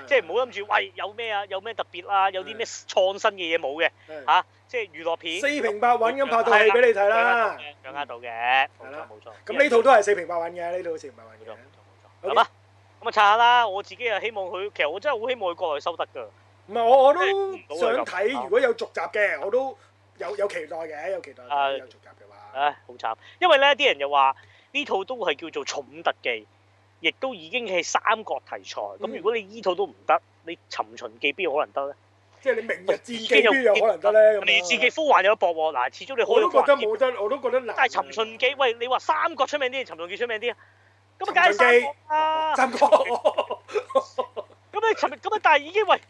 即係唔好諗住喂，有咩啊，有咩特別啊，有啲咩創新嘅嘢冇嘅嚇，即係娛樂片四平八穩咁拍套戲俾你睇啦，掌握到嘅，冇錯冇錯。咁呢套都係四平八穩嘅，呢套好似唔係話幾多，冇錯冇錯。係嘛，咁啊查下啦，我自己又希望佢，其實我真係好希望佢過去收得㗎。唔係，我我都想睇，如果有續集嘅，我都有有期待嘅，有期待有續集。唉，好慘！因為咧，啲人又話呢套都係叫做重特技，亦都已經係三國題材。咁、嗯、如果你依套都唔得，你《尋秦記》邊有可能得咧？即係你明日之己邊有可能得咧？你自己呼喚有搏喎。嗱，始終你可以我覺得冇得，我都覺得。但係《尋秦記》，喂，你話三國出名啲，《尋秦記》出名啲，咁、嗯、啊梗係三國角啦。三國。咁啊尋，咁啊但係已經喂。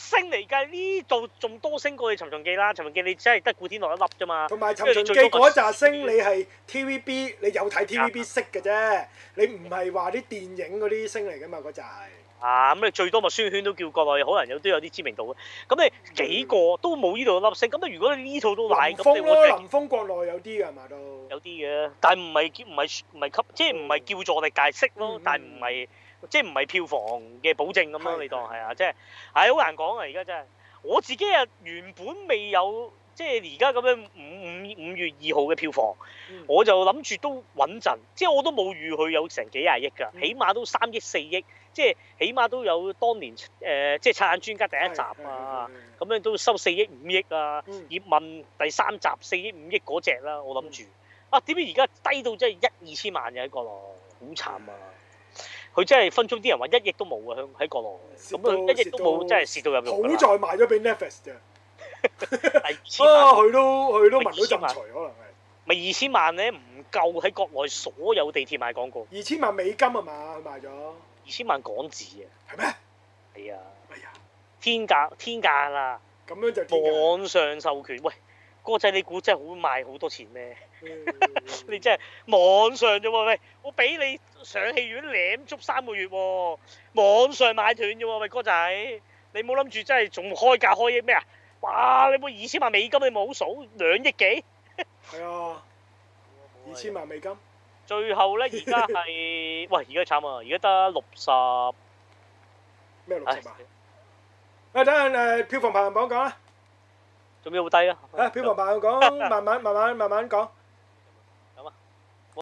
星嚟噶，呢度仲多星過尋記啦，《尋秦記》啦，《尋秦記》你真係得古天樂一粒啫、嗯、嘛。同、那、埋、個《尋秦記》嗰紮星你係 TVB，你有睇 TVB 識嘅啫，你唔係話啲電影嗰啲星嚟噶嘛？嗰扎係。啊，咁、嗯、你最多咪宣圈都叫國內，可能有都有啲知名度嘅。咁你幾個都冇呢度粒星，咁啊、嗯、如果呢套都賴，林峯啊林峯，國內有啲嘅係嘛都？有啲嘅，但係唔係唔係唔係吸，即係唔係叫做嚟解釋咯，嗯、但係唔係。即係唔係票房嘅保證咁咯？的你當係啊，即係唉，好的難講啊！而家真係我自己啊，原本未有即係而家咁樣五五五月二號嘅票房，嗯、我就諗住都穩陣，即係我都冇預佢有成幾廿億㗎，起碼都三億四億，即係起碼都有當年誒、呃、即係《拆彈專家》第一集的啊，咁樣都收四億五億啊，葉、嗯、問第三集四億五億嗰隻啦，我諗住、嗯、啊，點解而家低到即係一二千萬嘅一個囉？好慘啊！佢真係分分鐘啲人話一億都冇啊，喺喺國內，咁佢一億都冇，到真係蝕到入面，好在賣咗俾 Netflix 啫 萬，啊！佢都佢都聞到進財，可能係咪二千萬咧？唔夠喺國內所有地鐵賣廣告。二千萬美金啊嘛，佢賣咗。二千萬港紙啊。係咩嗎？係啊。哎呀！天價天價啦！咁樣就網上授權喂，哥仔，你估真係好賣好多錢咩？你真係網上啫喎，喂！ 我俾你。上戲院攬足三個月喎，網上買斷嘅喎，喂哥仔，你冇諗住真係仲開價開億咩啊？哇！你冇二千萬美金你冇數兩億幾？係啊，二千萬美金。最後咧，而家係，喂而家慘啊！而家得六十咩六十萬？誒等陣誒票房排行榜講啦，仲要好低啊？誒票房排行榜講，慢慢慢慢慢慢講。